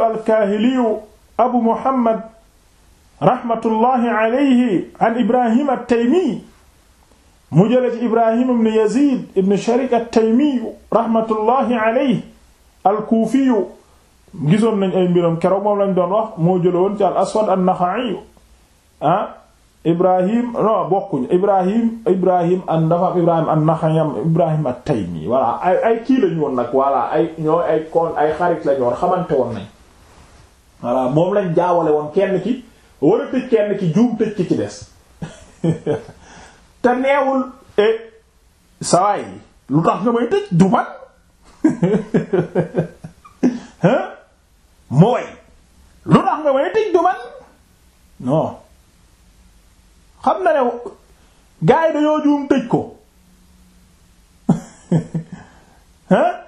alximyariyu alkaahiliyu abu muhammad rahmatullahi alayhi an ibrahim at-taymi mu jële ci ibrahim ibn yazid ibn sharik at-taymiyu rahmatullahi alayhi alkuufiyu gisoon nañ ay mbiram keroog moom lañ doon wax moo jële woon ci al aswad an-naxa'iyu ah ibrahim non bokkuñ ibrahim ibrahim an dafa ibrahim an naxayam ibrahim at-taymi voilà ay ay kii lañu woon nag voilà ay ñoo ay koon ay xarit lañu woon xamante woon nañ voilà moom lañ jaawale woon kenn ki war a tëj kenn ki juum tëj ki ci des te neewul eh sawaay lu tax nga may tëj du man hein lu tax nga may tëj du man na ne gars yi dañoo juum tëj ko hein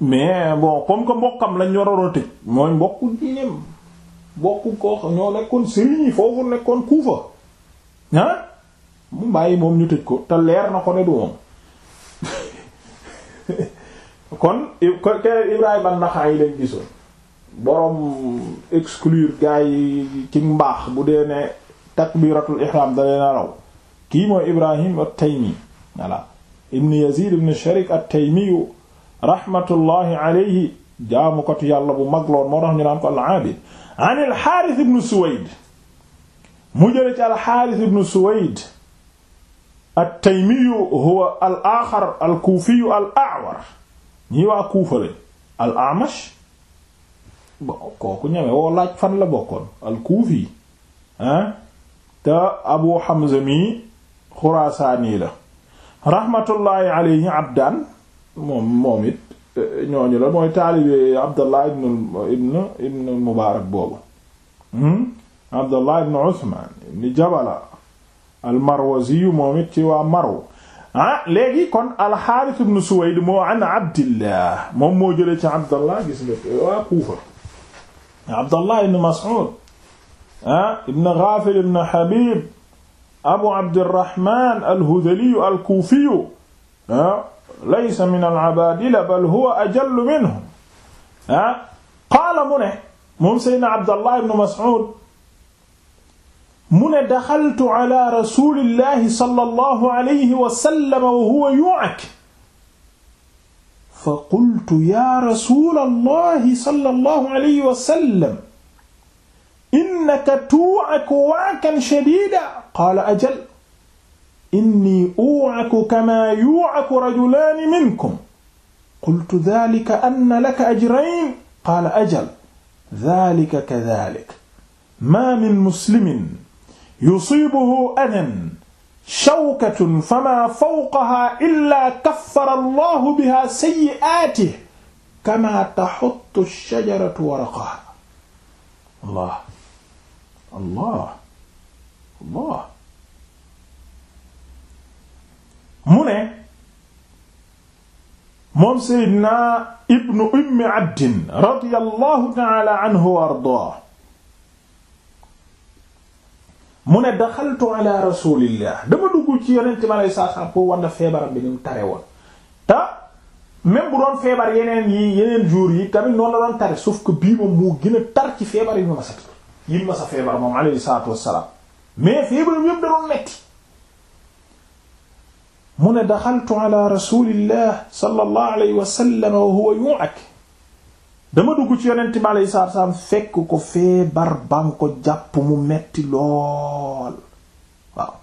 mais bon comme que mbokkam lañ waroon a tëj mooy mbokku diineem mbokku koo ñoo nekkoon sëriñ yi foofu nekkoon kuufa ah mu bàyyi moom ñu tëj ko te leer na ko ne du moom kon kere Ibrahim an-Naxa'i lañ gisoon boroom exclure gars yi ci mbaax bu dee ne takbiratul ihram da leen a raw kii mooy Ibrahim at-Taymi voilà ibn Yazid ibn Sharik at-Taymi rahmatullahi alayhi jaamukatu yàlla bu mag loon moo tax ñu naan ko al-Aabid an al-Haaris ibn Suwayd mu jële ci al-Haaris ibn Suwayd at-Taymi huwa al-Aaxar al-Kuufi al-A'war ñii waa Kuufa la al-A'mash bon kooku ñeme woo laaj fan la bokkoon al-Kuufi ah te Abu Hamza mi Xuraasaani la rahmatullahi alayhi abdaan moom moom it e, ñooñu la mooy taalibe Abdallah ibn ibn ibn Mubarak boobu hmm? Abdallah ibn Usman ibn Jabala al-Marwazi moom it ci waa Marw ah léegi kon al-Harith ibn Suwayd moo an Abdillah moom moo jëlee ci Abdallah gis nga waa Kufa Abdallah ibn Mas'ud ah ibn Ghafil ibn Habib Abu Abdirrahman al-Hudhali al-Kufi ah laysa min al-abaadila bal huwa ajallu minhum ah qaala mu ne moom seydna Abdallah ibn Mas'ud mu ne daxaltu ala rasulillahi sallallahu alayhi wa sallam wa huwa yu'ak fa qultu ya rasulallahi sallallahu alayhi wa sallam innaka tu'ak wa'kan shadidan qaala ajal inni u'aku kama yu'aku rajulaani minkum qultu dhaalika anna laka ajrayn qaala ajal dhaalika kadhaalik maa min muslimin yusiibuhu adan shawkatun famaa fawqahaa illaa kaffara allahu bihaa sayyi'aatihi kamaa tahuttu ash-shajaratu waraqahaa allah allah allah mu ne moom Seydina ibnu ummi abdin radiyallahu ta'ala anhu wa ardaa mu ne daxaltu ala rasulillah dama dugg ci yonent mi alayhi salaam pour wan na feebaram bi ni mu tare woon te même bu doon feebar yeneen yi yeneen jours yi tamit noonu la doon tare sauf que bii moom moo gën a tar ci feebar yi ma sa yi ma sa feebar moom alayhi salaatu wassalaam mais feebaram yëpp da doon metti mu ne daxaltu ala rasulillah sallallahu alayhi wa sallam wa huwa ci yonent bi alayhi salaatu fekk ko feebar ban ko jàpp mu metti lool waaw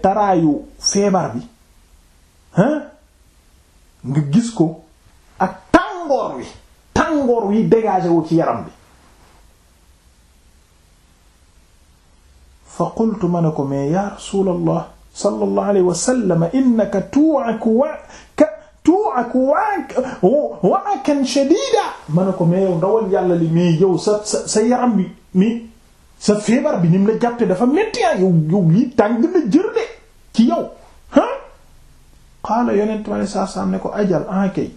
taraayu feebar bi hein nga gis ko ak tàngoor wi tàngoor wi dégagé wu ci yaram bi fa qultu ma ne ko mais ya rasulallah sallallahu alayhi wa sallam innaka ma ne ko mais yow ndawal yàlla li mais sa sa sa yaram bi mi feebar bi ni mu la jàppe dafa métti ah, yow yow lii tàng na jër de ci yow ah qaala yonent ma ne saa saa ajal ah kay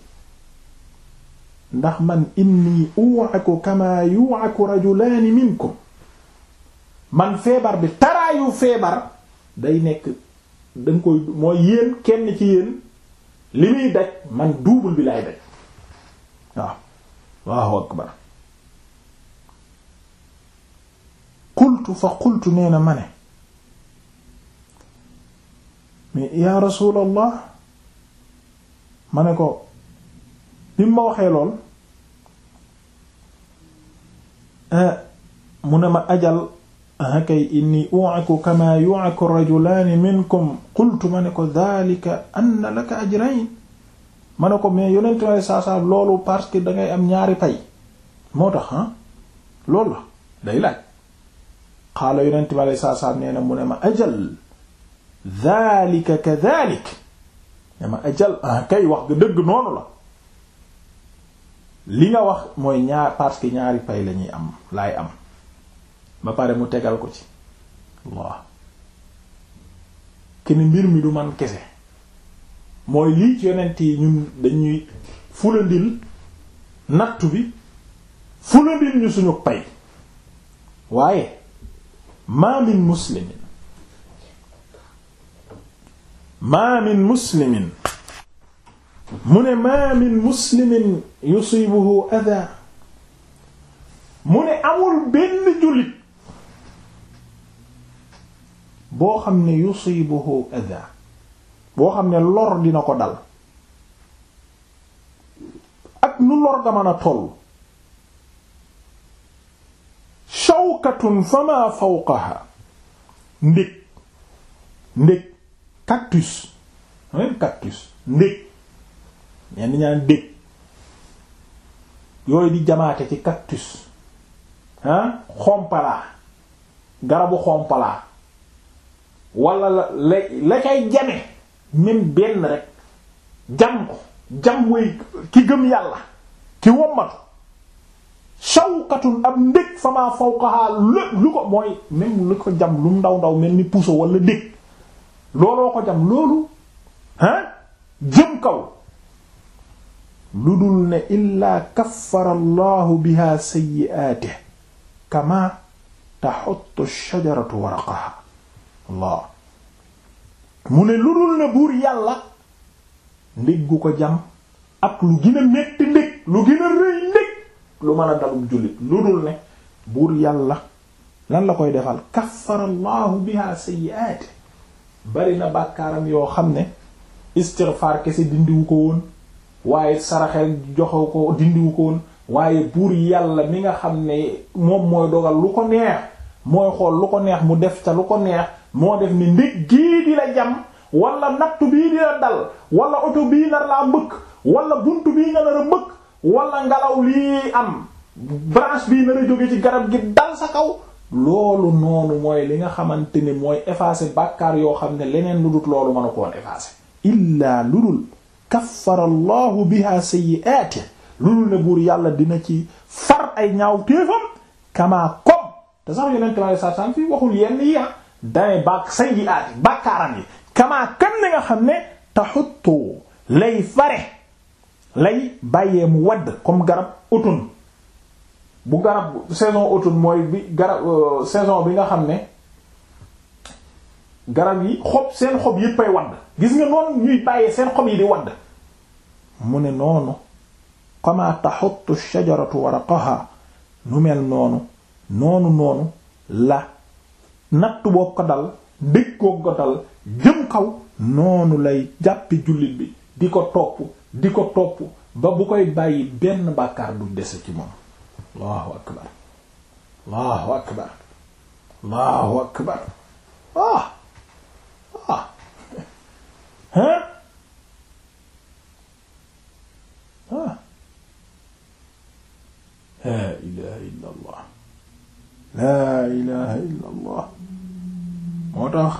ndax man inni u'aku kama yu'aku rajulaani minkum man feebar bi taraayu feebar day nekk da nga koy mooy yéen kenn ci yéen li muy daj man double bi lay daj waaw waaw akbar qultu fa qultu nee na ma ne mais ya rasulallah ma ne ko bi ma waxee lool eh, mu ne ma ajal ah kay inni u'aku kama yu'aku rajulaani minkum qultu ma ne ko dhalika anna laka ajrayn ma ko mais yonentu Yàlla saa loolu parce que da ngay am ñaari pay moo tax ah, loolu la day laaj xaala yonentu Yàlla saa nee na mu ne ma ajal dhalika kadhalik ne ma ajal ah kay wax nga dëgg noonu la li nga wax mooy ñaar ñaari pay lañuy am laay am. ba pare mu tegal ko ci Allah kenn mbir mi du man kese mooy lii ci yonent yi ñun dañuy fulandil nattu bi fulandil ñu suñu pay waaye ma min muslimin mu ne ma min muslimin yusibuhu adha mu ne amul benn jullit boo xam ne yusibuhu adha boo xam ne lor dina ko dal ak nu lor ga mën a toll shawkatun fama fawqaha ndég ndég cactus hein cactus ndég ñenn ñaan dég yooyu di jamaate ci cactus hein xompalaa garabu xompalaa wala la la la cay jame même benn rek jam ko ki gëm yàlla ki wommatu shawkatun ab ndég fama fawqaha lu ko mooy même lu ko jam lu ndaw ndaw mel ni puso walla dég looloo ko jam loolu ah jëm kaw lu dul ne illaa kaffara allahu biha sayyi'atihi kama taxottu shajaratu waraqaha Allah mu ne lu dul ne buur yàlla ndég ko jam ak lu gën a metti ndég lu gën rëy ndég lu mën a dalum jullit lu dul ne buur yàlla lan la koy defal kaffara bi biha sayyi'at bari na bàkkaaram yoo xam ne istighfar kese dindiwu ko woon waaye saraxel joxew ko dindiwu ko woon waaye buur yàlla mi nga xam ne moom mooy dogal lu ko neex mooy xool lu ko neex mu def ca lu ko neex moo def ni ndig gii di la jam wala nattu bii di la dal wala oto bii nar laa mbëkk wala bunt bii nga nar a mbëkk wala ngelaw lii am branche bii nar a jóge ci garab gi dal sa kaw loolu noonu mooy li nga xamante ni mooy effacer bàkkaar yoo xam ne leneen lu dut loolu mën a koon effacer illaa lu dul kaffara allahu biha sayyi'atihi lu dul ne buur yàlla dina ci far ay ñaaw téefam kamaa kom te sax yeneen tamit saa saa fi waxul yenn yi ah day ba sayyi'aat bàkkaaram yi kamaa kan ni nga xam ne taxuttu lay fare lay bàyyee mu wadd comme garab automne bu garab saison automne mooy bi garab euh, saison bi nga xam ne garab yi xob seen xob yéppay wadd gis nga noonu ñuy bàyyee seen xob yi di wadd mu ne noonu kama taxuttu shajaratu waraqaha nu mel noonu noonu noonu la natt boo ko dal dëj ko dal jëm kaw noonu lay jàppi jullit bi di ko topp di ko topp ba bu koy bàyyi benn bàkkaar du dese ci moom allahu akbar allahu akbar ah ah laa ah! ilaha illa laa ilaha illa moo tax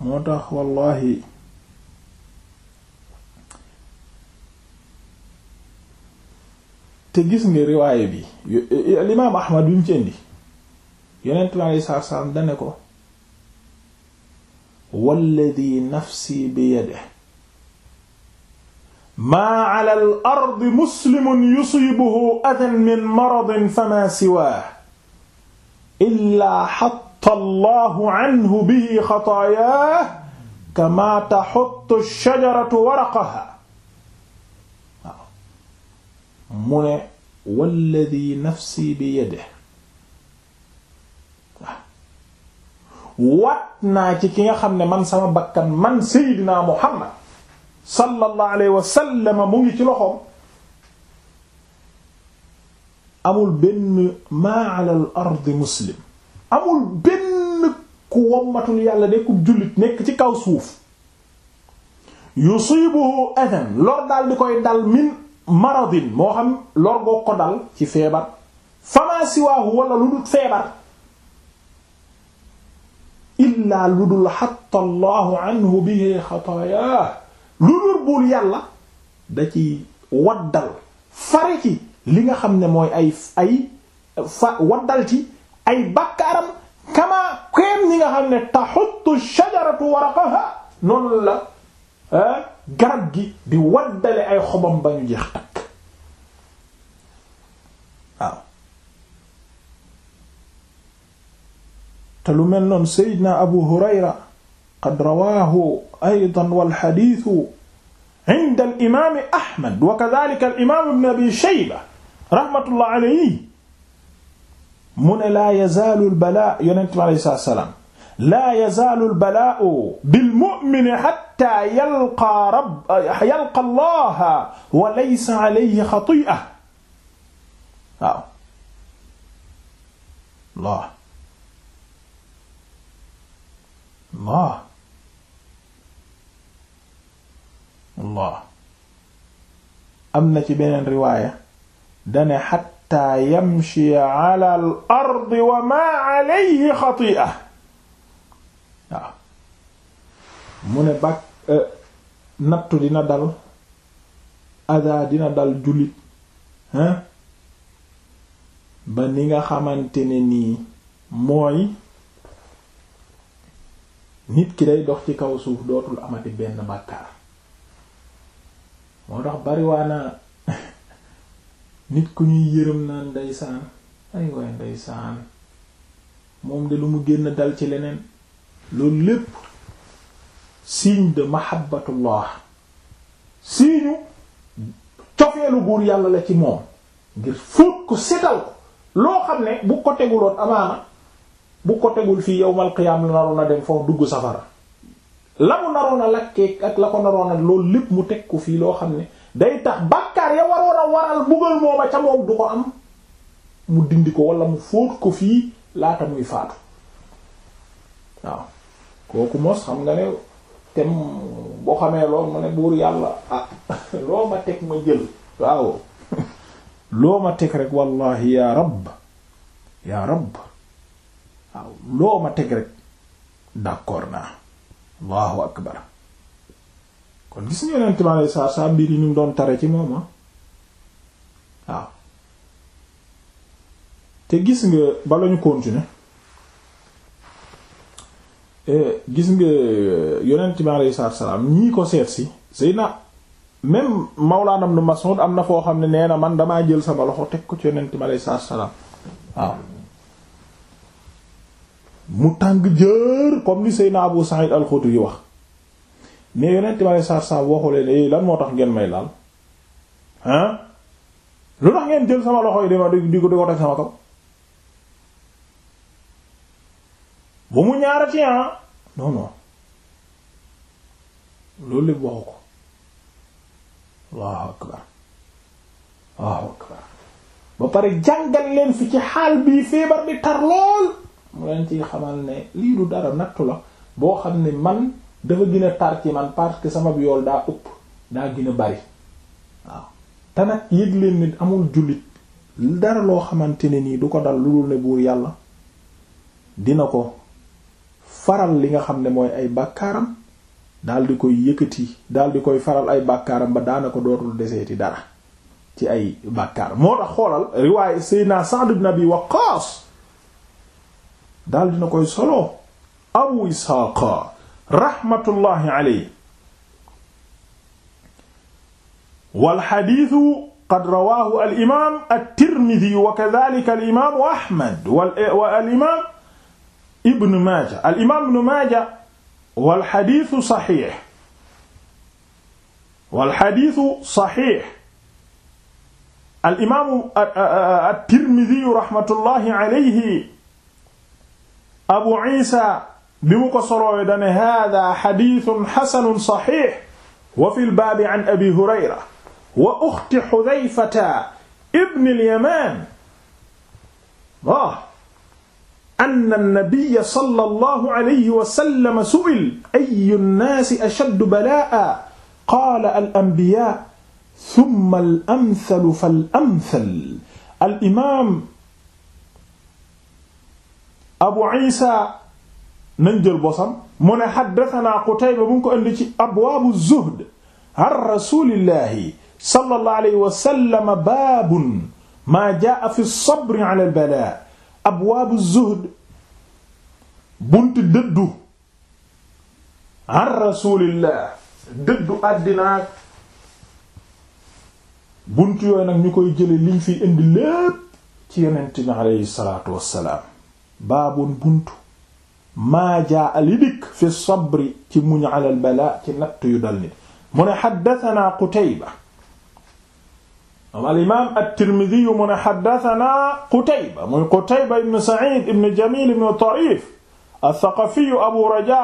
moo tax wallahi te gis nga riwaaye bi alimaam ahmad bi mu ci indi yonent bi alei saatu salaam dane ko walladi nafsi bi yadihi maa ala al ardi muslimun yusiibuhu adan min maradin fama siwaahu illaa allahu anhu bihi xataayaah kama taxottu shajaratu waraqaha waaw mu ne walladi nafsi bi yede waaw waat naa ci ki nga xam ne man sama bakkan man seydina muhammad sallallahu alayhi wa sallam mu ngi ci loxoom amul benn maa ala al ardi muslim amul benn ku wommatul yàlla de ku jullit nekk ci kaw suuf yusibuhu adan lor di koy dal min maradin moo xam lor goo ko dal ci feebar fama siwaahu wala lu dul feebar illaa lu dul xatta allahu anhu bihi xataaya lu dul yàlla da ci waddal fare ci li nga xam ne mooy ay ay fa waddal ci ay bakkaaram kama keem ñi nga xam ne taxuttu shajaratu waraqaha noonu la garab gi di waddale ay xobam ba ñu jeex takk waaw te lu mel noonu Seydina Abu Hurayra qad rawaahu aydan wal hadiisu inda al imaami Ahmad wa kadaalika al imaam ibn Abi Shayba rahmatullahi alayhi mu ne laa yazaalu albalaa yonent bi alayhi salaatu wa salaam laa yazaalu albalaau bilmumini xatta yalqa rabb yalqa allaha wa laysa alayhi xati'a waaw Allah Allah Allah am na ci beneen riwaaya dane xatta xatta yamshi ala al wa ma alayhi xati'a waaw mu ne bàkk e, nattu dina dal ada dina dal jullit hein ba ni nga xamante ne nii mooy nit ki day dox ci kaw suuf dootul amati benn bàkkaar moo tax bariwaana nit ku ñuy yërëm naan ndeysaan ay waay ndeysaan moom de lu mu génn dal ci leneen loolu lépp signe de mahabbatullah signe cofeelu buur yàlla la ci moom ngir fóot ko setal ko loo xam ne bu ko teguloon amaana bu ko tegul fii yowmal qiyaam la naroon a dem foofu dugg safara la mu naroon a lakkee ak la ko naroon a loolu lépp mu teg ko fii loo xam ne day tax bàkkaar ya waroon a waral buggal mooma ca moom du ko am mu dindi ko wala mu fóot ko fii laata muy faatu waaw kooku mos xam nga ne tem boo xamee lool mu ne buur yàlla ah loo ma teg ma jël waaw loo ma teg rek wallahi ya rab ya rab waaw loo ma teg rek d'accord naa allahu akbar kon gis nga yonent bi alayhi salaatu salaam mbir yi ñu doon tare ci moom ah. waaw te gis nga bala ñu continuer eh, gis nga eh, yonent bi sa salaatu salaam ñii ko seet si na Seydina même Mawlaana ma Mas'ud am na foo xam ne nee na man damaa jël sama loxo teg ko ci yonent bi sa salaatu salaam waaw mu tàng jër comme li Seydina Abu Sa'id al-Khudri wax. mais yonent ma ne saar-saab waxu leen eh, lan moo tax ngeen may laal ah lu tax ngeen jël sama loxo yi dama di di ko di ko teg sama kaw bu mu ñaarati ah non non loolu lépp waxu ko Allahu akbar Allahu akbar ba pare jàngal leen fi ci xaal bii feebar bi tar lool mu leen ci xamal ne lii du dara nattu la boo xam ne man dafa gën a tar man parce que sama yool daa ëpp daa gën a bari waaw te nag yëg leen ni amul jullit dara loo xamante ne nii du ko dal lu dul ne buur yàlla dina ko faral li nga xam ne mooy ay bàkkaaram daal di koy yëkkati daal di koy faral ay bàkkaaram ba daana ko dootul deseeti dara ci ay bàkkaar moo tax xoolal riwaay Seydina Sa'd ibn Abi Waqqas daal dina koy solo Abu Ishaqa raxmatullahi alayhi wal xadiisu qad rawaahu al imaam at-Tirmidi wa kazaalika al imaamu Ahmad wa al imaam Ibn Maaja al imaam Ibn Maaja wal xadiisu saxiix wal xadiisu saxiix al imaamu uh, uh, uh, at-Tirmidi raxmatullahi alayhi Abu Iisa bi mu ko soroowee dane hada xaditun xasanun saxix wa fi lbaabi an abi hurayra wa uxti xudayfata ibni alyaman wa anna annabiya sallallahu alayhi wa sallam su'ila ayyu nnaasi ashaddu balaa'an qaala al-anbiyaa summa al-amthalu fal-amthal al-imaam Abu Iisa nañ jël bosam mu ne haddathana Qutayba mu ngi ko indi ci abwaabu zuhd an rasulillahi sallallahu alayhi wa sallam baabun maa jaa fi sabri ala al balaa abwaabu zuhd bunti dëddu an rasulillah dëddu àddinaak bunt yooyu nag ñu koy jële liñ fiy indi lépp ci yonent bi aleyhi salaatu wassalaam baabun buntu maa jaa li dikk fi sabri ci muñ ala al balaa ci natt yu dal nit mu ne xaddatanaa Qutayba al imaam at-Tirmidhi mu ne xaddatanaa Qutayba muy Qutayba ibn Sa'id ibn Jamil ibn Tarif ath-Thaqafi Abu Raja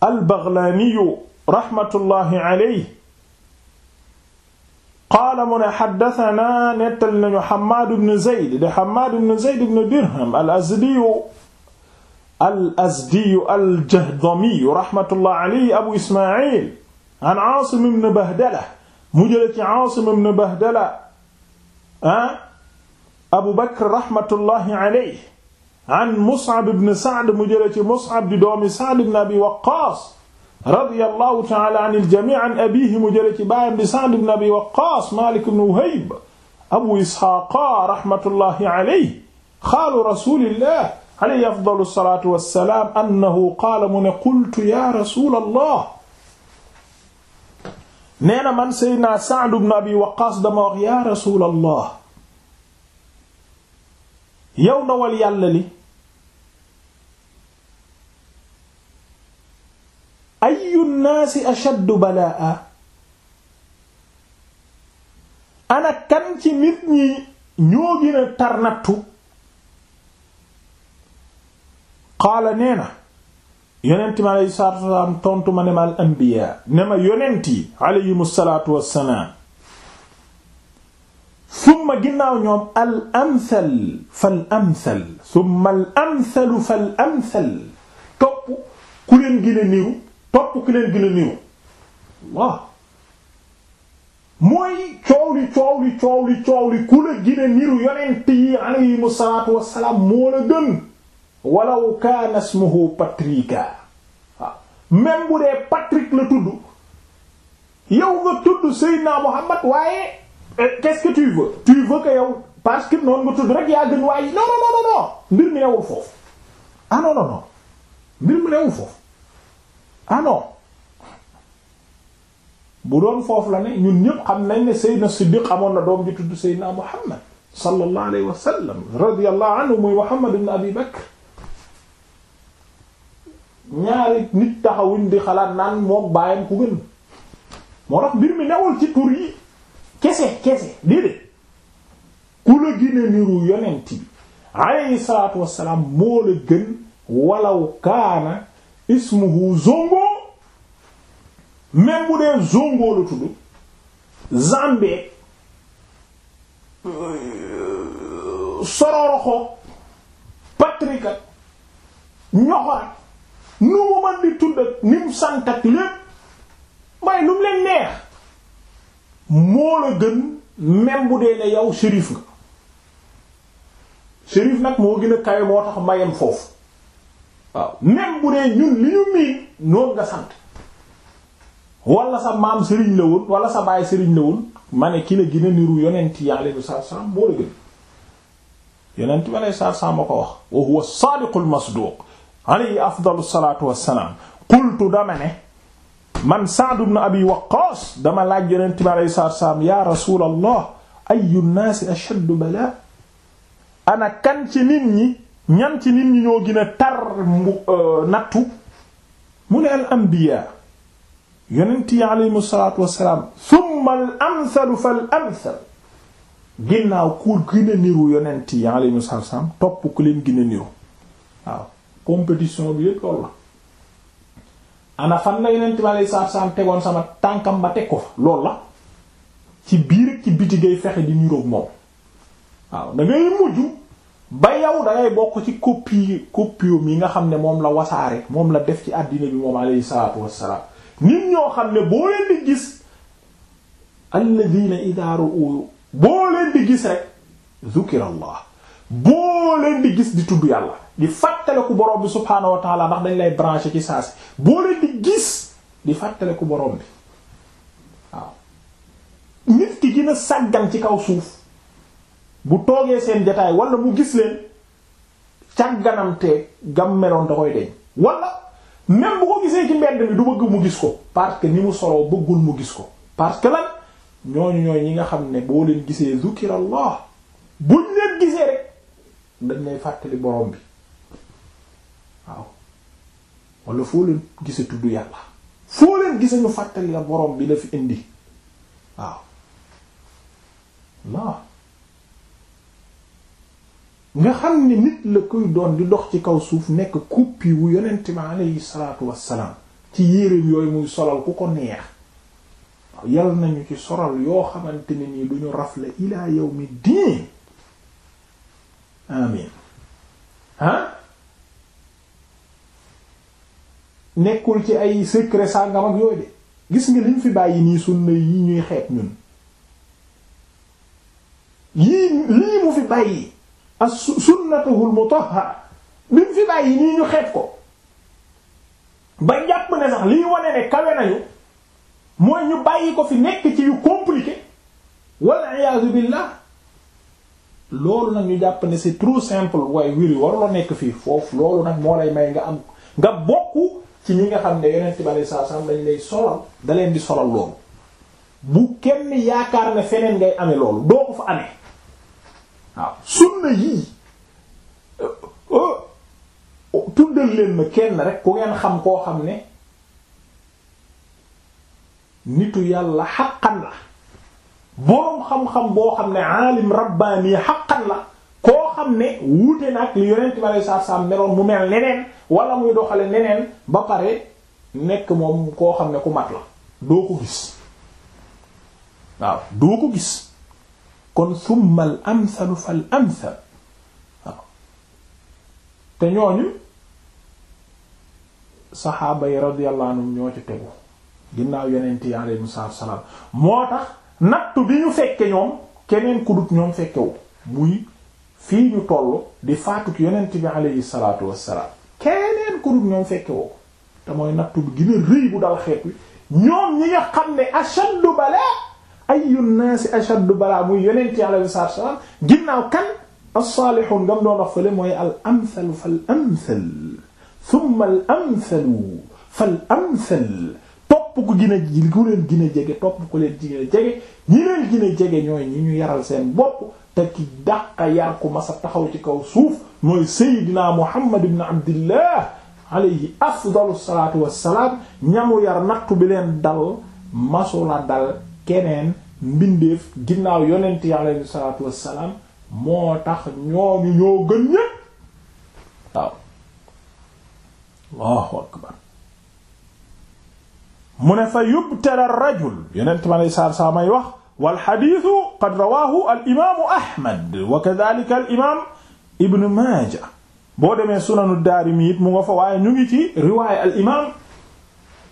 al-Baghlani rahmatullahi alayhi qaala mu ne xaddatanaa nettal nañu Hammad ibn Zayd de Hammad ibn Zayd ibn Dirham al-Azdi al azdiyu al jahdamiyu rahmatullah alayhi abu ismail an aasim ibn bahdala mu jële ci aasim ibn bahdala ah abu bakr rahmatullahi alayhi an mus'ab ibn sa'd mu jële ci mus'ab di doomi sa'd ibn abi waqqaas radiyallahu ta'ala anil jamii' an abiihi mu jële ci baayam di sa'd ibn abi waqqaas maalik ibn wahayb abu isxaaqa rahmatullahi alayhi xaalu rasulillah alayhi afdalu salaatu wassalaam annahu qaala mu ne qultu ya rasuulallah nee na man seydna Sa'd ibn Abi Waqqaas dama wax ya rasuulallah yow ndawal yàlla li ayu nnaasi ashaddu balaa ana kan ci nit ñi ñoo gën a tar nattu qaala nee na yonent mi aleyhi salaatu wassalaam tontu ma ne ma al anbiya ne ma yonent yi aleyhim salaatu wassalaam summa ginnaaw ñoom al amsal fal amsal summa al amsalu fal amsal topp ku leen gën a niru topp ku leen gën a niru waaw mooy coow li coow li coow li coow li ku la gën a niru yonent yi aleyhim salaatu wassalaam moo la gën wala kaana ismuhu Patrika waaw même bu dee Patrick la tudd yow nga tudd Seydina Muhammad waaye eh, qu'est-ce que tu veux tu veux que nga tudd rek yaa gën waaye non non non non mbir mi newul foofu ah non non ah, bu doon foofu la ne ñun ñëpp xam nañ ne Seydina Siddiq amoon na doom ji tudd Seydina Muhammad sallallahu alayhi wa sallam radiyallahu anhu muy Muhammad ibn Abi Bakr ñaari nit taxawuñ di xalaat naan moom bàyyam ku gën moo tax mbir mi newul ci tur yi kese kese déedéet ku la gine niru yonent bi alayhi salaatu wassalaam moo la gën walaw kaana ismuhu zongo même bu dee zongo la tudd zambe sororoxo patrika ñoxorak nu mu man di tudd ni mu sant ak lépp may nu mu leen neex moo la gën même bu dee ne yow shérif nga shérif nag moo gën a moo tax mayam foofu waaw même bu dee ñun li ñu miin noon nga sant wala sa maam sëriñ la woon wala sa baay sëriñ la woon ma ne ki la gën a niru yonent yàlla bi saa moo la gën yonent bi saa saa ma ko wax wa huwa saadiqul masduq alayhi afdalu salaatu wassalaam qultu dama ne man Sa'd ibn Abi Waqqaas dama laaj yonent bi alayhi salaatu wassalaam yaa rasuulallah ayyu nnaasi ashaddu balaa ana kan ci nit ñi ñan ci nit ñi ñoo gën a tar euh, nattu mu ne al anbiyaa yonent yi alayhimu salaatu wassalaam summa al amsalu fal amsal ginnaaw ku gën a niru yonent yi alayhimu salaatu wassalaam topp ku leen gën a niru waaw compétition bi yëpp loolu la ana fan la yeneen time alay saab saab tegoon sama tànkam ba teg ko fa loolu la ci biir ci biti ngay fexe di niroog moom waaw da ngay ba yow da bokk ci copie copie mi nga xam ne moom la wasaare moom la def ci àddina bi moom alayhi salaatu wassalaam nit ñoo xam ne boo leen di gis alladina idaaru uyu boo leen di gis di gis di tudd yàlla di fàttaliku borom bi subhaanahu wa taala ndax dañ lay branché ci saa si boo leen di gis di fàttaliku borom bi waaw nit ki gën sàggan ci kaw suuf bu toogee seen jataay wala mu gis leen càgganamte gam meloon da koy deñ wala même bu ko gisee ci mbedd mi du bëgg mu gis ko parce que ni mu soloo bëggul mu gis ko parce que lan ñooñu ñooy ñi nga xam ne boo leen gisee zukirallah buñ leen gisee rek dañ lay fàttali borom bi waaw wala foo leen gise tudd yàlla foo leen gise ñu fàttali la borom bi la fi indi waaw waaw nga xam ni nit la koy doon di dox ci kaw suuf nekk kuppi wu yonent bi aleyhi salaatu wassalaam ci yéreem yooyu muy solal ku ko neex waaw yàlla nañu ci soral yoo xamante ne nii duñu rafle ilaa yawmi diin amin ah nekkul ci ay secret sàngam ak yooyu de gis ngi liñ fi bàyyi nii sunna yi ñuy xeet ñun yii mu fi bàyyi as sunnatuhul mutahhar li fi bàyyi nii ñu xeet ko ba jàpp ne sax liy wane ne kawe nañu mooy ñu bàyyi ko fi nekk ci yu compliqué walla iyaazu billah loolu nag ñu jàpp ne c'est trop simple waaye wiri warula nekk fii foofu loolu nag moo lay may nga am nga bokk ci ñi nga xam ne yonent bi alayhi salaam dañ lay solal da di solal loolu bu kenn yaakaar ne feneen ngay amee loolu doo ko fa amee waaw sunna yii euh, euh, oh, tuddal leen ma kenn rek ku ngeen xam koo xam ne nitu yàlla xaqan la boroom xam-xam boo xam ne aalim rabbaani xaqan la koo xam ne wuute na ak li yonent bi alayhi salaam meloon mu mel neneen wala muy doxale neneen ba pare nekk moom koo xam ne ku mat la doo ko gis waaw doo ko gis kon summa al amsalu fal amsal waaw te ñooñu saxaaba yi radiyallahu anhum ñoo ci tegu ginnaaw yonent yi alayhimu salaam moo tax nattu bi ñu fekke ñoom keneen ku dut ñoom fekkewu muy fii ñu toll di faatu ki yonent bi alayhi salaatu wassalaam keneen ku dul ñoom fekke woo ko te mooy nattu bi gën a rëy bu dal xeet wi ñoom ñi nga xam ne ashaddu bala ay nnaasi ashaddu bala muy yonent yàlla bi sallallahu alayhi ginnaaw kan as-salihun ngam doon wax fële mooy al amsalu fal amsal thumma al amsalu fal amsal topp ku gën a ku leen gën a jege topp ku leen gën a jege ñi leen gën a jege ñooy ñi ñu yaral seen bopp te ki dàqa yar ku masa taxaw ci kaw suuf mooy Seydina Muhammad ibn Abdillah alayhi afdalu salaatu wassalaam ñamu yar nattu bi leen dal masula dal keneen mbindeef ginnaaw yonent yi alayhi salaatu wassalaam moo tax ñooñu ñoo gën ñépp waaw Allahu akbar mu ne fa yubtala rajul yonent ma lay saar saa may wax wal xadiisu qad rawaahu al imaamu Ahmad wa kadhalika al imaam Ibn Maaja boo demee sunanu Daarimi it mu nga fa waaye ñu ngi ci riwaaya al imaam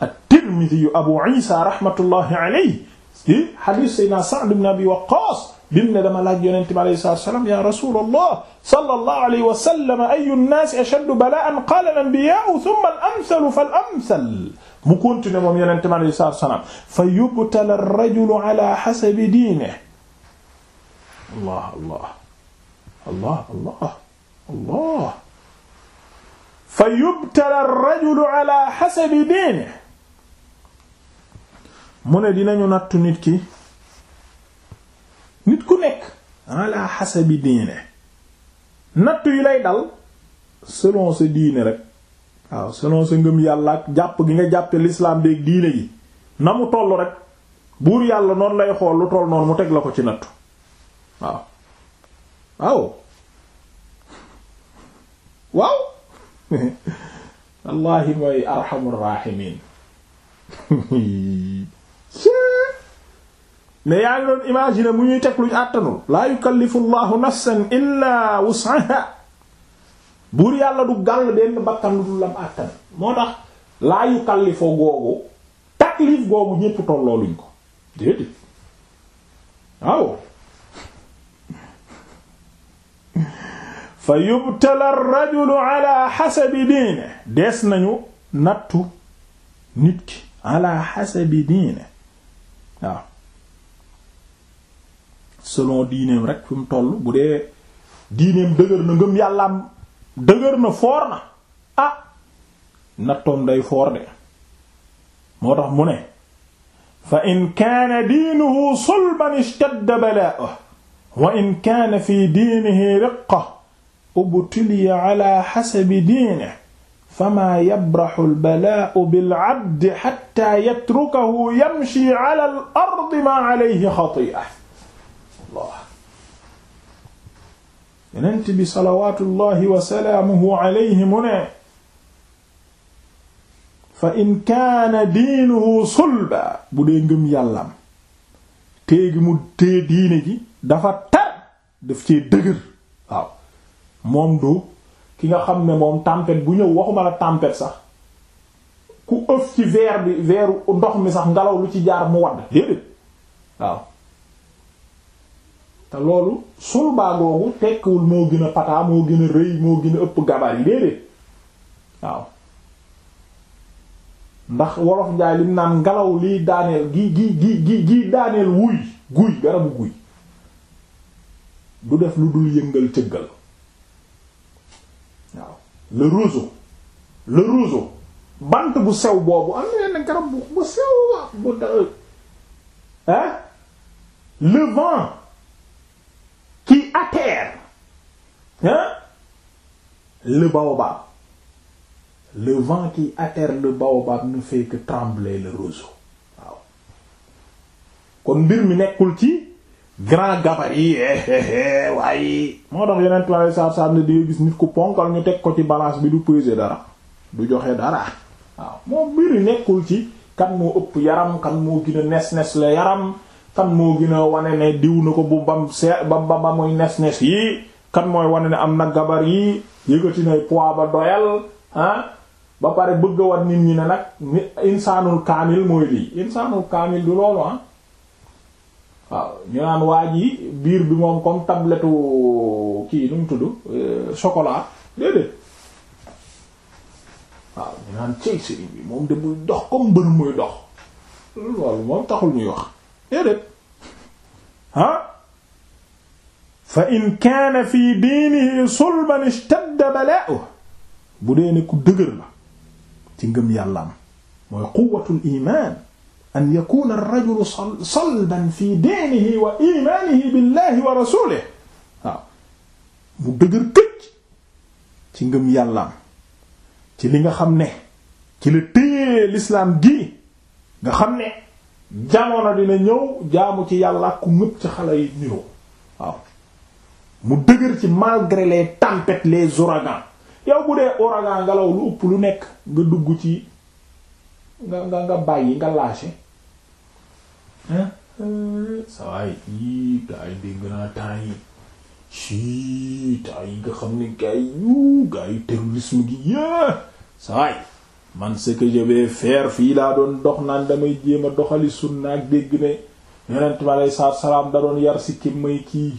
at-Tirmidhi Abu Isa rahmatullahi alayhi ci hadiis Sayyidina Sa'd ibn Abi Waqqaas bim ne dama laaj Yonent bi alayhi salaatu wa salaam yaa Rasuulallah sallallahu alayhi wa sallam ayyu nnaasi ashaddu balaa'an qaala al-anbiyaa'u thumma al-amthalu fal-amthal mu continué moom Yonent bi alayhi salaatu wa salaam fa yubtala ar-rajulu ala hasabi diinihi allah allah allah allah allah fa yubtala ar-rajulu ala hasabi diinihi mu ne dinañu nattu nit ki nit ku nekk ala hasabi diinihi nattu yi lay dal selon sa diine rek waaw selon sa ngëm yàlla ak jàpp gi nga jàppe l'islam beeg diine yi na mu toll rek buur yàlla noonu lay xool lu toll noonu mu teg la ko ci nattu waaw waaw waaw mooy arhamur rahimin mais yaa ngi doon mu ñuy teg luñ àttanul laa yukallifu llahu nafsan illa wus'aha buur yàlla du gàll benn bakkan lu dul lam àttan moo tax laa yukallifu googu taklif googu ñépp tollooluñ ko déedéet waaw fa yubtala rajulu ala xasabi diine dees nañu nattu nit ki ala xasabi diine waaw diineem rek fi mu toll bu dee diineem dëgër na ngëm yàllaam dëgër na foor na ah nattoom day foor de moo tax mu ne fa in kaana diinuhu sulban ishtadda balaa'uhu wa in kaana fi diinihi riqqa ubtuliya ala xasabi diine fama yabraxu albalaau bilabdi xata yatrukahu yamshi ala al ardi ma alayhi xatia allah yonent bi salawatullahi wasalaamuhu alayhi mu ne fa in kaana diinuhu sulba bu dee ngëm yàllam téegi mu tée diine ji dafa tar daf cee dëgër moom du ki nga xam ne moom tempête bu ñëw waxuma la tempête sax ku ëf ci verre bi veeru ndox mi sax ngelaw lu ci jaar mu wadd déedéet waaw te loolu sulbaa googu tekkiwul moo gën a pataa moo gën a rëy moo gën a ëpp gabar yi déedéet waaw ndax wolof njaay lim naan ngelaw liy daaneel gi gi gi gi gi daaneel wuy guy garabu guy du def lu dul yëngal cëggal le roseau le roseau bant bu sew boobu am na yenn garab bu bu sew bu dara ah le vent qui atterre le baobab le vent qui atterre le baobab ne fait que le roseau waaw kon mbir mi nekkul ci grand gabarit eh, eh, eh, waaye moo tax yeneen tubaab yi saaf saaf ne di gis nit ku ponkal ñu teg ko ci balance bi du peser dara du joxe dara waaw moom mbir nekkul ci kan moo ëpp yaram kan moo gën a nes nes la yaram kan moo gën wane ne diw na ko bu bam see ba ba muy nes nes yi kan mooy wane ne am na gabar yi yëkkati nay poids ba doyal ah ba pare bëgg a wat nit ñi ne nag insaanul kaamil mooy lii insaanul kaamil du loolu ah. waaw ñu naan waa ji biir bi moom comme tablette kii nu mu tudd euh, chocolat déedéet waaw ñu naan cey sëriñ bi moom de muy dox comme mbër muy dox loolu moom taxul ñuy wax déedéet ah fa in kaana fi diinihi sulban ishtadda balaa'uhu bu dee ne ku dëgër la ci ngëm yàlla mooy quwwatul imaan an yakuna ar-rajulu salban fi diinihi wa imaanihi billahi wa rasulihi waaw mu dëgër këcc ci ngëm yàllaam ci li nga xam ne ci la téye l'islam gi nga xam ne jamono dina ñëw jaamu ci yàlla ku ngëpp ci xale yi niroo waaw mu dëgër ci malgré les tempêtes les ouragans yow bu dee ouragan ngelaw lu ëpp lu nekk nga dugg ci nga nga nga bàyyi nga lâché sawaay yi gaa yi dégg naa temps yi ci temps yi nga xam ne gaa yu gaa yi terrorisme gi yée sawaay man ce que je vais fii laa doon dox naan damay jéem a doxali sunna ak dégg ne yonent bi aleyhi salaatu salaam da doon yar si kim may kii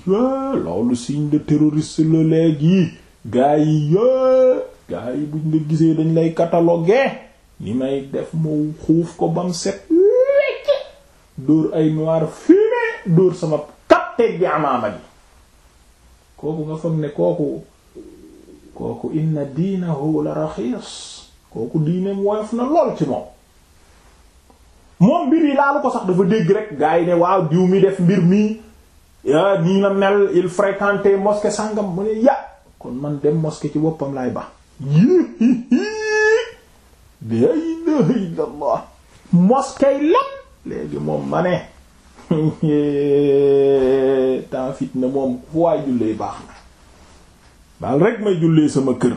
loolu signe de terroriste la léegi gaa yi yée gaa yi buñ la gisee dañ lay cataloguer ni may def moo xuuf ko bam set dóor ay noir fumé dóor sama kapteeg bi amaama ji kooku nga foog ne kooku kooku inna diinahu la raxiis kooku diineem woyof na lool ci moom moom mbir yi laalu ko sax dafa dégg rek gaay yi ne waaw diw mi def mbir mi nii la mel il fréquentait mosquée sàngam mu ne ya kon man dem mosquée ci boppam laay ba yii la ilaha illallah mosquée lam léegi moom ma ne temps fitna moom fu waay jullee baax na daal rek may jullee sama kër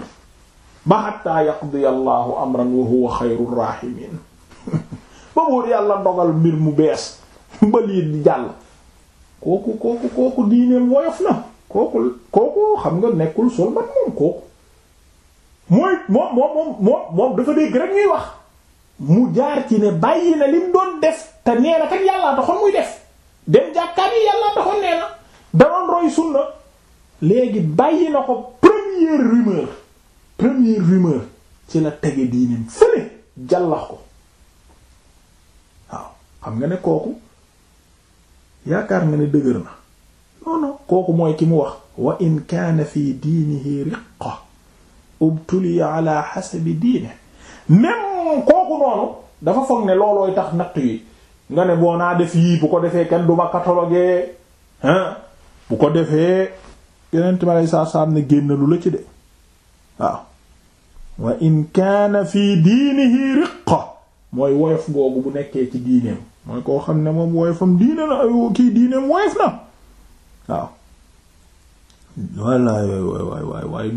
ba xatta yaqdi allahu amran wa huwa xayrur rahimin ba buur yàlla dogal mbir mu bees ba lii di jàll kooku kooku kooku diineem woyof na kooku kooku xam nga nekkul sol moom kooku mooy moom moom moom moom dafa dégg rek ñuy wax mu jaar ci ne bàyyi na lim doon def te nee na kat yàllaa muy def dem jàkkaar yi yàllaa taxoon nee na danoon roy sunna léegi bàyyi na ko première rumeur première rumeur ci la tege diineem fële jàllax ko waaw xam nga ne kooku yaakaar nga ne dëgër na non non kooku mooy ki mu wax wa in kaana fi diinihi riqqa ubtuliya ala hasabi diinihi moom kooku noonu dafa foog ne loolooy tax natt yi nga ne boo naa def yii bu ko defee kenn du ma catalogué bu ko defee yeneen ma lay saab ne génn lu la ci de waaw wa in kaana fii diinihi riqa mooy bu nekkee ci diineem mooy xam ne moom woyofam diine na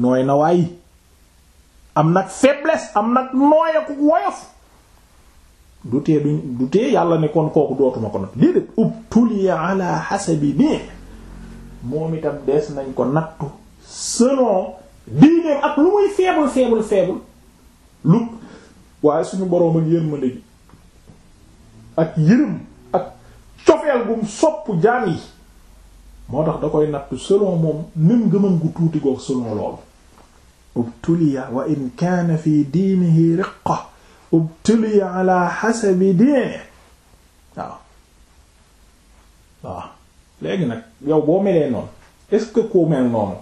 nooy na waay am nag faiblesse am nag nooyaku woyof du tee duñ du tee yàlla nekkoon kooku dootuma ko nag déedéet ubtuliya ala hasabi ni nañ ko nattu selon diineem ak lu muy faible faible faible lu waaye suñu boroom ak yërmande gi ak yërëm ak cofeel gum sopp jaam yi moo tax da koy nattu selon moom nim gëmam gu tuuti goog selon loolu ubtuliya wa in kaana fi diinihi riqqa ubtuliya ala xasabi diine léegi nag yow boo melee noonu est-ce que koo noonu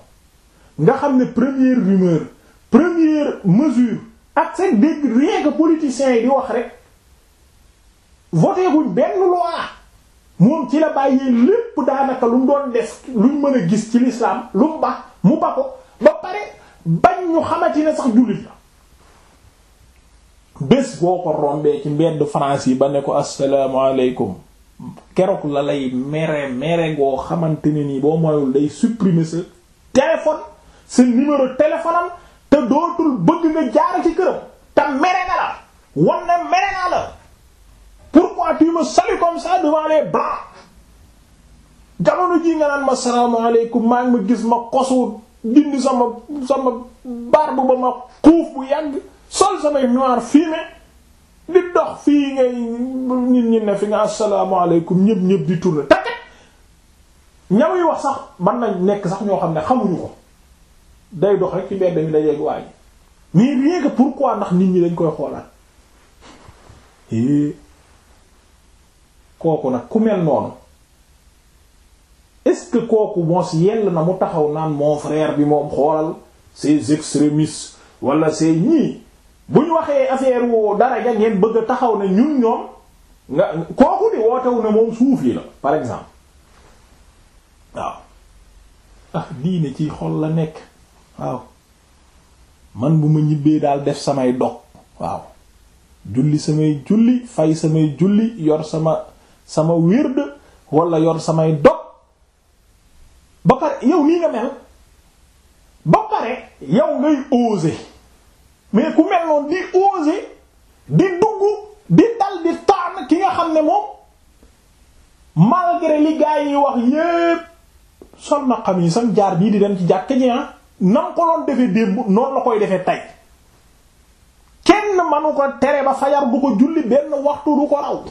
nga xam ne première rumeur première mesure ak seen dégg réega politiciens yi di wax rek voté guñ benn loi moom ci la bàyyi lépp daanaka lu mu doon def luñ mën a gis ci l'islam lu ba mu ba bañ ñu xamati ne sax jullit la bés boo ko rombee ci mbedd France yi ba ne ko asalaamaaleykum keroog la lay mere mere goo xamante ne nii boo moyul day supprimer sa téléphone sa numéro téléphone te dootul bëgg nga jaar ci këram te mere na la wan na mere naa la pourquoi tu me salues comme ça devant les blancs jamono ji nga naan ma salaamaaleykum maa ngi ma gis ma kosuut dindi sama sama barbe ba ma xuuf bu yàgg sol samay noir fumé di dox fii ngay nit ñi ne fi nga asalaamaaleykum ñëpp ñëpp di tourner takkat ñaw yi wax sax man na nekk sax ñoo xam ne xamuñu ko day dox rek ci mbedd mi day yegg waaye mais rien que pourquoi ndax nit ñi dañ koy xoolaat eh, kooku nag ku mel noonu est-ce que kooku mos yell na mu taxaw naan mon frère bi moom xoolal ces extrémistes wala ces ñii bu waxee affaire woo dara ja ngeen bëgg a taxaw ne ñun ñoom nga kooku di wootewu ne moom suufi la par exemple waaw ah diine ci xol la nekk waaw man bu ma ñibbee daal def samay dog waaw julli samay julli fay samay julli yor sama sama wird wala yor samay dog ba pare yow nii nga mel ba pare yow ngay oser mais ku mel noonu di oser di dugg di dal di taan ki nga xam ne moom malgré li gaa yi wax yépp sol na xam yi sam jaar bii di dem ci jàkk ji ah nam ko doon defee démb noonu la koy defee tey kenn manu ko tere ba fajar bu ko julli benn waxtu du ko raw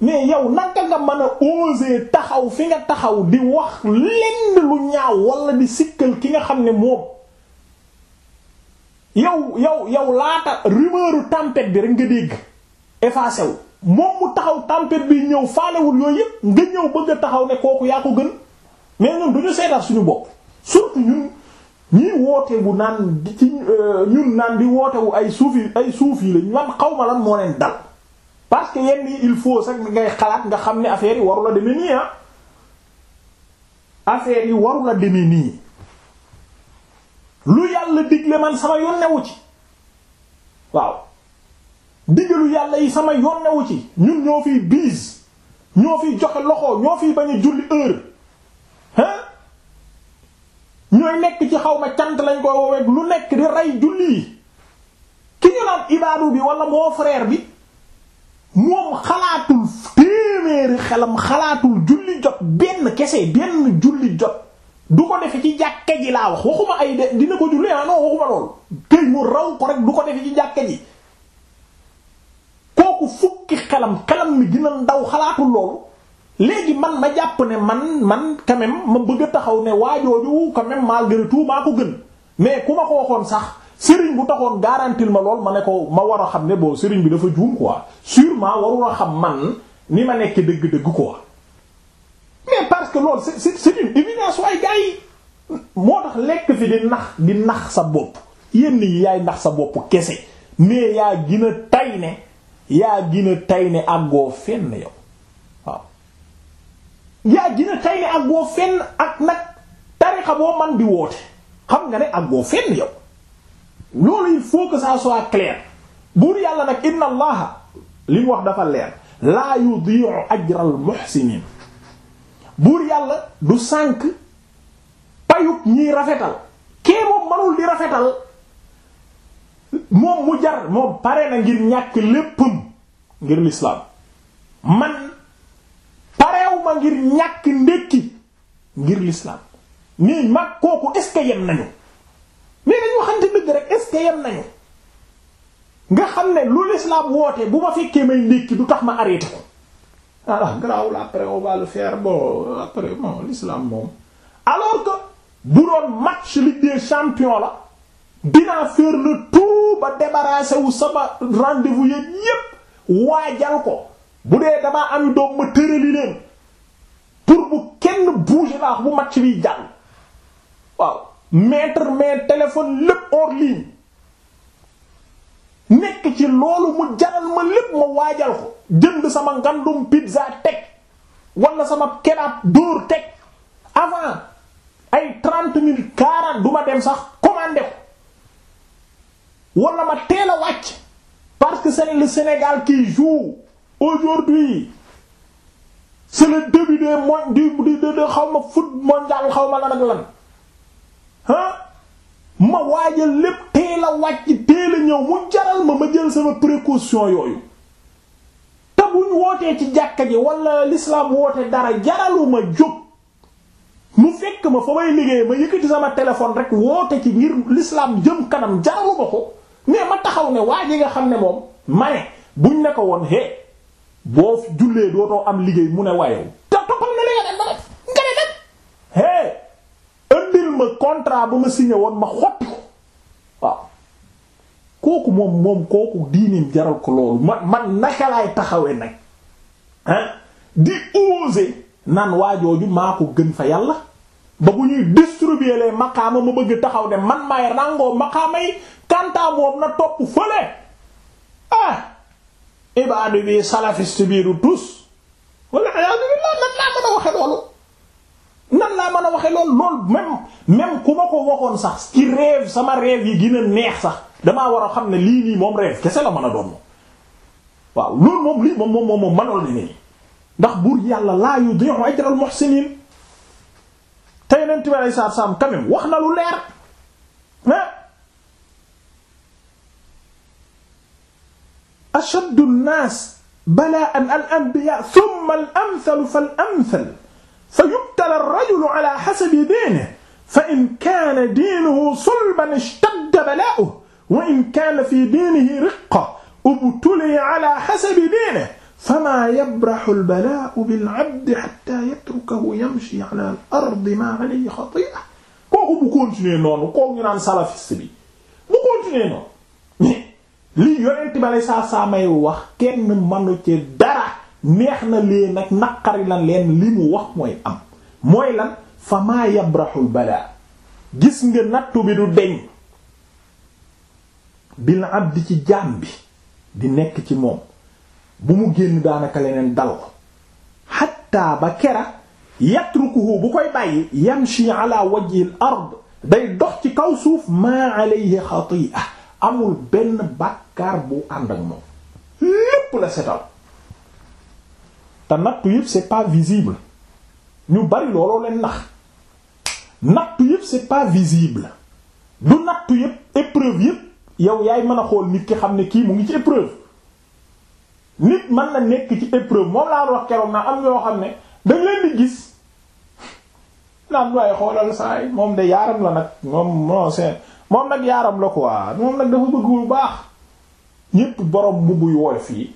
mais yow naka nga mën a oser taxaw fi nga taxaw di wax lenn lu ñaaw wala di sikkal ki nga xam ne moom yow yow yow laata rumeuru tempête bi rek nga dégg effacé wu moom mu taxaw tempête bi ñëw faalewul yooyu yëpp nga ñëw bëgg a taxaw ne kooku yaa ko gën mais ñun du ñu seetal suñu bopp surtout ñun ñii woote wu naan di ci euh, ñun naan di woote wu ay suuf yi ay suuf yi lañ man xaw ma lan moo leen dal. parce que yenn yi il faut sax ngay xalaat nga xam ne affaire yi waru la demee nii ah affaire yi waru la demee nii lu yàlla digle man sama newu ci waaw digalu yàlla yi sama yonnewu ci ñun ñoo fiy biis ñoo fiy joxe loxo ñoo fi bañ a julli heure ñooy nekk ci xaw ma cant lañ koy woowee lu nekk di rey julli yi ki ñu naan ibaadu bi wala moo frère bi. moom xalaatul téeméeri xelam xalaatul julli jot benn kese benn julli jot du ko defe ci jàkka ji laa wax waxuma ay de dina ko julli ah non waxuma lool tey mu raw ko rek du ko defe ci jàkka ji kooku fukki xelam xelam mi dina ndaw xalaatu loolu léegi man ma jàpp ne man man quand ma bëgg a taxaw ne waajooju quand même malgré tout maa ko gën mais ku ma ko waxoon sax sëriñ bu taxoon garantil ma lool ma ne ko ma war a xam ne boo sëriñ bi dafa juum quoi sûrement warul a xam man ni ma nekk dëgg-dëgg quoi mais parce que loolu c'est c'est une évidence waaye gars yi moo tax lekk fi di nax di nax sa bopp yenn yi yaay nax sa bopp kese mais yaa gën tayne tay ne yaa gën a tay ne àggoo fenn yow waaw yaa gën a tay ne fenn ak nag tarixa boo man di woote xam nga ne àggoo fenn yow loolu il faut que soit clair buur yàlla nag inna allaha li wax dafa leer laa yudiu ajral muhsinin buur yàlla du sànk payuk ñiy rafetal kee moom manul di rafetal moom mu jar moom pare na ngir ñàkk léppam ngir lislaam man pareew ma ngir ñàkk ndékki ngir lislaam nii mag kooku est-ce nañu est-ce que yem nañu nga xam ne lu l'islam woote bu ma fekkee may ndékki du tax ma arrêté ko ah garaawul après on va le faire bon après bon l'islam que bu doon match Ligue des la dinaa faire le tout ba débarrasser wu yépp waajal ko bu dee damaa am doom ma tërali leen pour bu kenn bouger laa bu match bi jàll waaw mettre mes lépp hors nekk ci loolu mu jaral ma lépp ma waajal ko jënd sama ngandum pizza teg wala sama kebab dóor teg avant ay trente mille quarante du ma dem sax commandé ko wala ma teel wàcc parce que c'est le Sénégal qui joue aujourd'hui c'est le début des mois du du de xaw ma foot mondial xaw ma la ak lan ah. ma waajal lépp teel la wàcc teel a ñëw mu jaral ma ma jël sama précaution yooyu te buñ wootee ci jàkka ji walla l'islam woote dara jaraluma jóg mu fekk ma fa may liggéey ma yëkkati sama téléphone rek woote ci ngir l'islam jëm kanam jaraluma ko mais ma taxaw ne waa yi nga xam ne moom ma ne buñ ne ko woon hé boo jullee dootoo am liggéey mu ne waaye. te toppal na li nga def nga ne dem hé ma contrat ba ma signé woon ma xotti ko kooku moom moom kooku diinim jaral ko loolu man man naka laay taxawee nag ah di oser naan waajooju maa ko gën fa yàlla ba bu ñuy distribuer les maqaama ma bëgg taxaw de man maay ràngoo maqaama yi na topp fële ah ibaadu bi salafiste bii du tus wala a'uuzu billaah man laa mën a waxe loolu nan laa mën a waxee lool lool même même ku ma ko waxoon sax ci rêve sama rêve yi gën a neex sax damaa war a xam ne lii nii moom rêve kese la mën a doon waaw loolu moom lii moom moom moom mënoon na nii ndax buur yàlla laa yudi'u ajral muhsinin te yeneen tubaab yi saa saam quand même wax na lu leer ah. ashaddu an-nas bala'an al-anbiya thumma al-amthal fal-amthal fa yubtala ar-rajulu ala hasabi diinihi fa in kaana diinuhu sulban ishtadda balaa'uhu wa in kaana fi diinihi riqqa ubtuliya ala hasabi diinihi famaa yabrahu al-balaa'u bil-'abdi hattaa yatrukahu yamshi ala al-ardi maa 'alayhi xatii'a kooku bu continuer noonu kooku ñu naan salafiste bi bu continuer noonu mais lii yonent bi alayhi salaam ay wax kenn mënu ci dara neex na leen nag naqari lan leen li mu wax mooy am mooy lan fa maa yabraxul balaa gis nga nattu bi du deñ bil abdi ci jaam bi di nekk ci moom bu mu génn daanaka leneen dal ko xatta ba kera yatrukuhu bu koy bàyyi yamshi ala wajhi al ard day dox ci kaw suuf maa alayhi xati'a amul benn bàkkaar bu ànd ak moom lépp la setal te nag yëpp c'est pas visible ñu bari looloo leen nax nattu yëpp c'est pas visible du nattu yow yaay mën a xool nit ki xam ne kii mu ngi ci épreuve nit mën na ci épreuve moom laa wax am ñoo xam ne gis naan waaye xoolal saay moom de yaaram la nag moom moom nag yaaram la quoi moom nag dafa bëgg bu baax ñépp borom mbubb yu woyof yi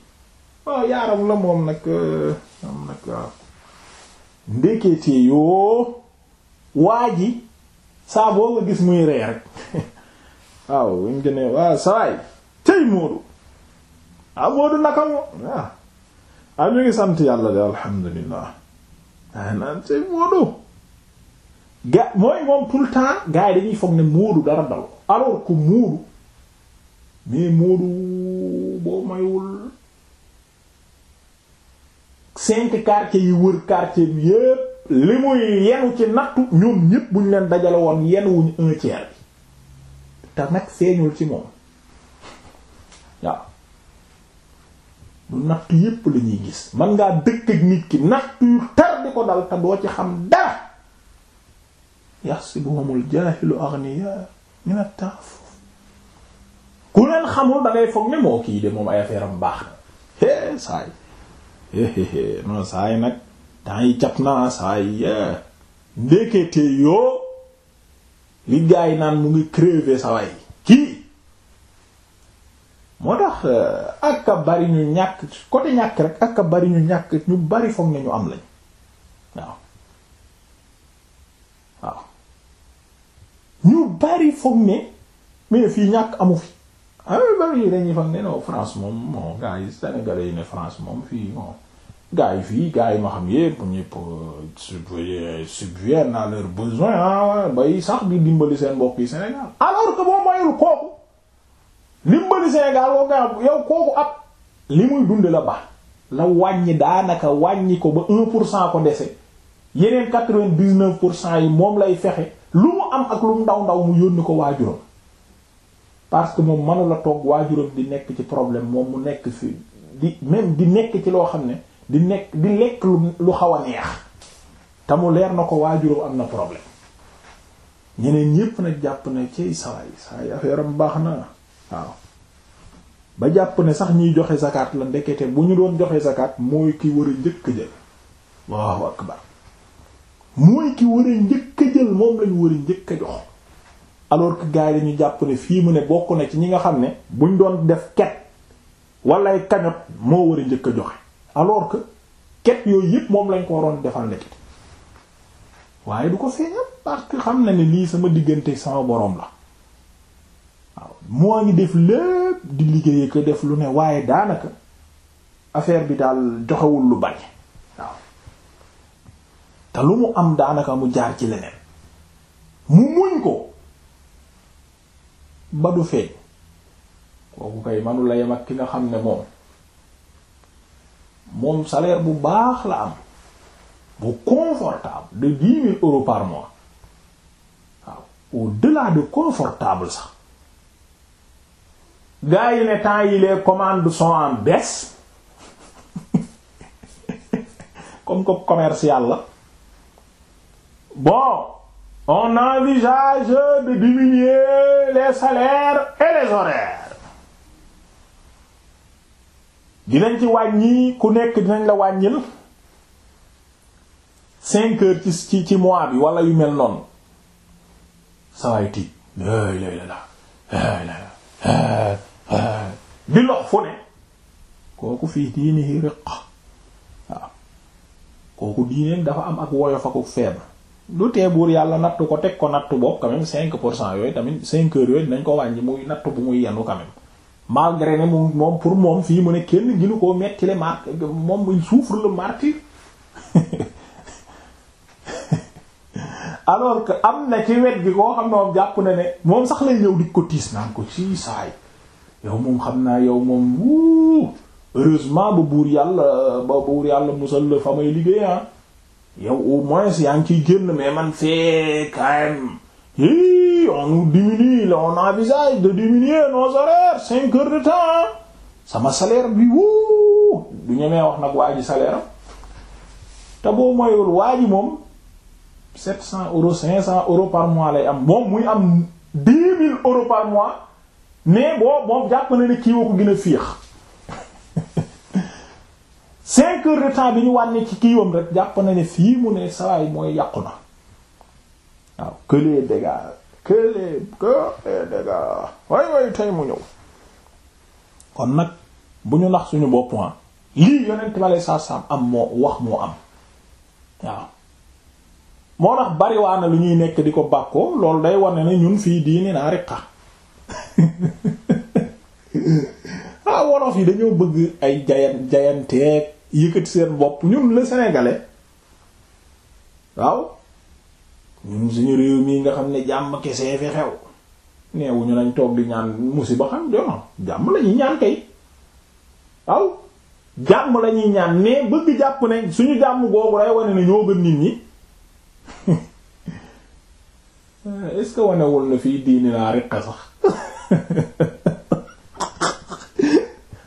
waaw yaaram la moom nag euh, moom nag yoo waa saa boo gis muy ree rek waaw mu ngi ne tey Moodu ah Moodu naka mo waaw ah ñu ngi sant yàlla de alhamdulilah ah naan tey Moodu ga mooy moom tout le temps gars yi dañuy ne Moodu dara dal alors que Moodu mais Moodu cinq quartiers yi wër quartier bi yépp li muy yenu ci nattu ñoom bu buñ leen dajale woon yen wuñu un bi te nag seeñul ci moom waaw du nattu yépp la ñuy gis man ngaa dëkk ak nit ki nattu yu tar ko dal te doo ci xam dara yaxsibuhumul jaahilu aghniya min at-ta'affuf ku leen xamul da foog ne moo kii de moom ay affaire baax na é saay non saa yi nag temps yi cat naa saa yi eh. ndekete yoo li naan mu ngi crever sa way kii moo tax eh, ak bari ñu ñàkk côté ñàkk rek ak bari ñu ñàkk ñu bari foog ne ñu am lañ waaw waaw ñu bari foog ne mais fii ñàkk amu fi ah bari dañuy fag ne non France moom bon gars yi sénégalais yi ne France moom fii bon gars yi fii gars yi ma xam yépp ñépp euh, sub subviennent à leurs besoins ah bay sax di dimbali seen mbokk yi Sénégal alors que boo mayul kooku dimbali Sénégal boo nga yow kooku ab li muy dund la ba la wàññi daanaka wàññi ko ba un pour cent ko dese yeneen quatre-vingt-dix-neuf pour cent yi moom lay fexe lu mu am ak lu ndaw ndaw mu yónni ko waa waajuram parce que moom manula toog waajuram di nekk ci problème moom mu nekk fi di même di nekk ci loo xam ne di nekk di lekk lu xaw a neex tamu leer na ko waajuram am na problème ñeneen ñépp nag jàpp ne ci sawaay sawaay affaire am baax na waaw ba jàpp ne sax ñuy joxe zakat la ndekete bu ñu doon joxe zakat mooy kii war a njëkk jël waaw akbar mooy ki war a njëkk jël moom lañu war a njëkk jox alors que gars yi dañu jàpp ne fii mu ne bokk na ci ñi nga xam ne buñ doon def ket walla ay cagnotte moo war a njëkk a joxe alors que ket yooyu yépp moom lañ ko waroon defal ndekk waaye du ko feeñal park xam na ni lii sama diggante sama boroom la waaw moo ngi def lépp di liggéey ko def lu ne waaye daanaka affaire bi daal joxewul lu bari waaw te lu mu am daanaka mu jaar ci leneen mu muñ ko ba du feeñ kooku kay manu la ak ki nga xam ne moom moom salaire bu baax la am bu confortable de dix mille euros par mois waaw de confortable sax gars yi ne temps yi les commandes sont en baisse comme commercial la bon on envisage de diminuer les salaires et les horaires dinañ ci wàññi ku nekk dinañ la wàññil cinq heures ci ci mois bi wala yu mel noonu sawaay tiit lay di lox fu ne kooku fii diini riq waaw kooku diineen dafa am ak woyof ak feebar lu tee buur yàlla nattu ko teg ko nattu boobu quand même cinq pour cent yooyu tamit cinq heures yooyu dinañ ko wàññi muy nattu bu muy yenu quand même malgré ne mu moom pour moom fii mu ne kenn ginu koo metti le mar moom il souffre le martyre alors que am na ci wet gi koo xam ne moom jàpp na ne moom sax lay ñëw di ko tiis naan ko ci saay yow moom xam naa yow moom wuu heureusement ba buur yàlla ba buur yàlla musal la fa may liggéey ah. yow au moins yaa ngi ciy génn mais man c'est quand même hi on nous diminue là on envisage de diminuer nos horaires cinq heures de temps sama salaire bi wuu du ñemee wax nag waa ji salaire te boo moyul waa moom sept cent euros cinq cent euros par mois lay am moom muy am dix mille euros par mois mais boo moom jàpp na ne kii woo ko gën a cinq heures de temps bi ñu wànnee ci kiiwam rek jàpp na ne fii mu ne sawaay mooy yàqu na waaw que les dégâts que les que les dégâts mu ñëw kon nag bu ñu nax suñu bopp ah lii yonent ma lay am moo wax moo am waaw moo tax bariwaana lu ñuy nekk di ko bàkkoo loolu day wane ne ñun fii diini naa riqa ah wolof yi dañoo bëgg ay jayan jayanteeg yëkkati seen bopp ñun la sénégalais waaw ñun suñu réew mii nga xam ne jàmm kese fi xew neewu ñu nañ toog di ñaan musiba xam doon jàmm lañuy ñaan kay waaw jàmm lañuy ñaan mais bëgg jàpp ne suñu jàmm googu day wane ne ñoo gën nit ñi est-ce que wanewul na fii diini laa riqe sax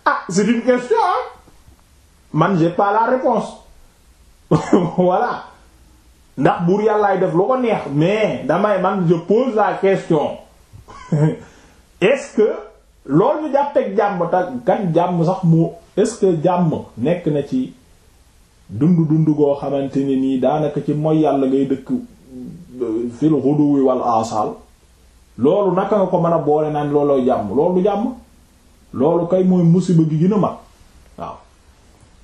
ah c'est une question man j'ai pas la réponse voilà ndax buur yàllaay def lu ko neex mais damay man je pose la question est-ce que loolu jàmm ta kan jàmm sax moo est-ce que jàmm nekk na ci dund dund goo xamante ne nii daanaka ci mooy yàlla ngay dëkk fil xuduwi wal asal loolu naka nga ko mën a boole naan looloo jàmm loolu jàmm loolu kay mooy musiba gi gën mag waaw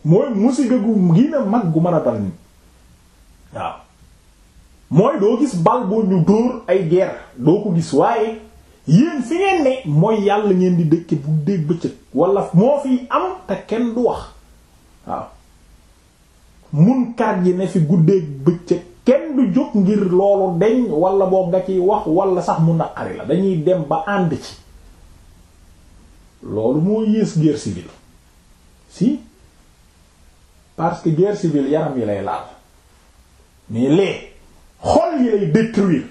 mooy musiba gu gina mag gu mën a dal nit waaw mooy doo gis bal ñu dóor ay guerre doo ko gis waaye yéen fi ngeen ne mooy yàlla ngeen di dëkke bu dégg bëccëg wala moo fi am te kenn du wax waaw munkar yi ne fi guddeeg bëccëg kenn du jóg ngir loolu deñ wala boo nga ciy wax walla sax mu naqari la dañuy dem ba ànd ci loolu moo yées guerre civile si parce que guerre civile yaram yi lay laal mais lee xol yi lay détruire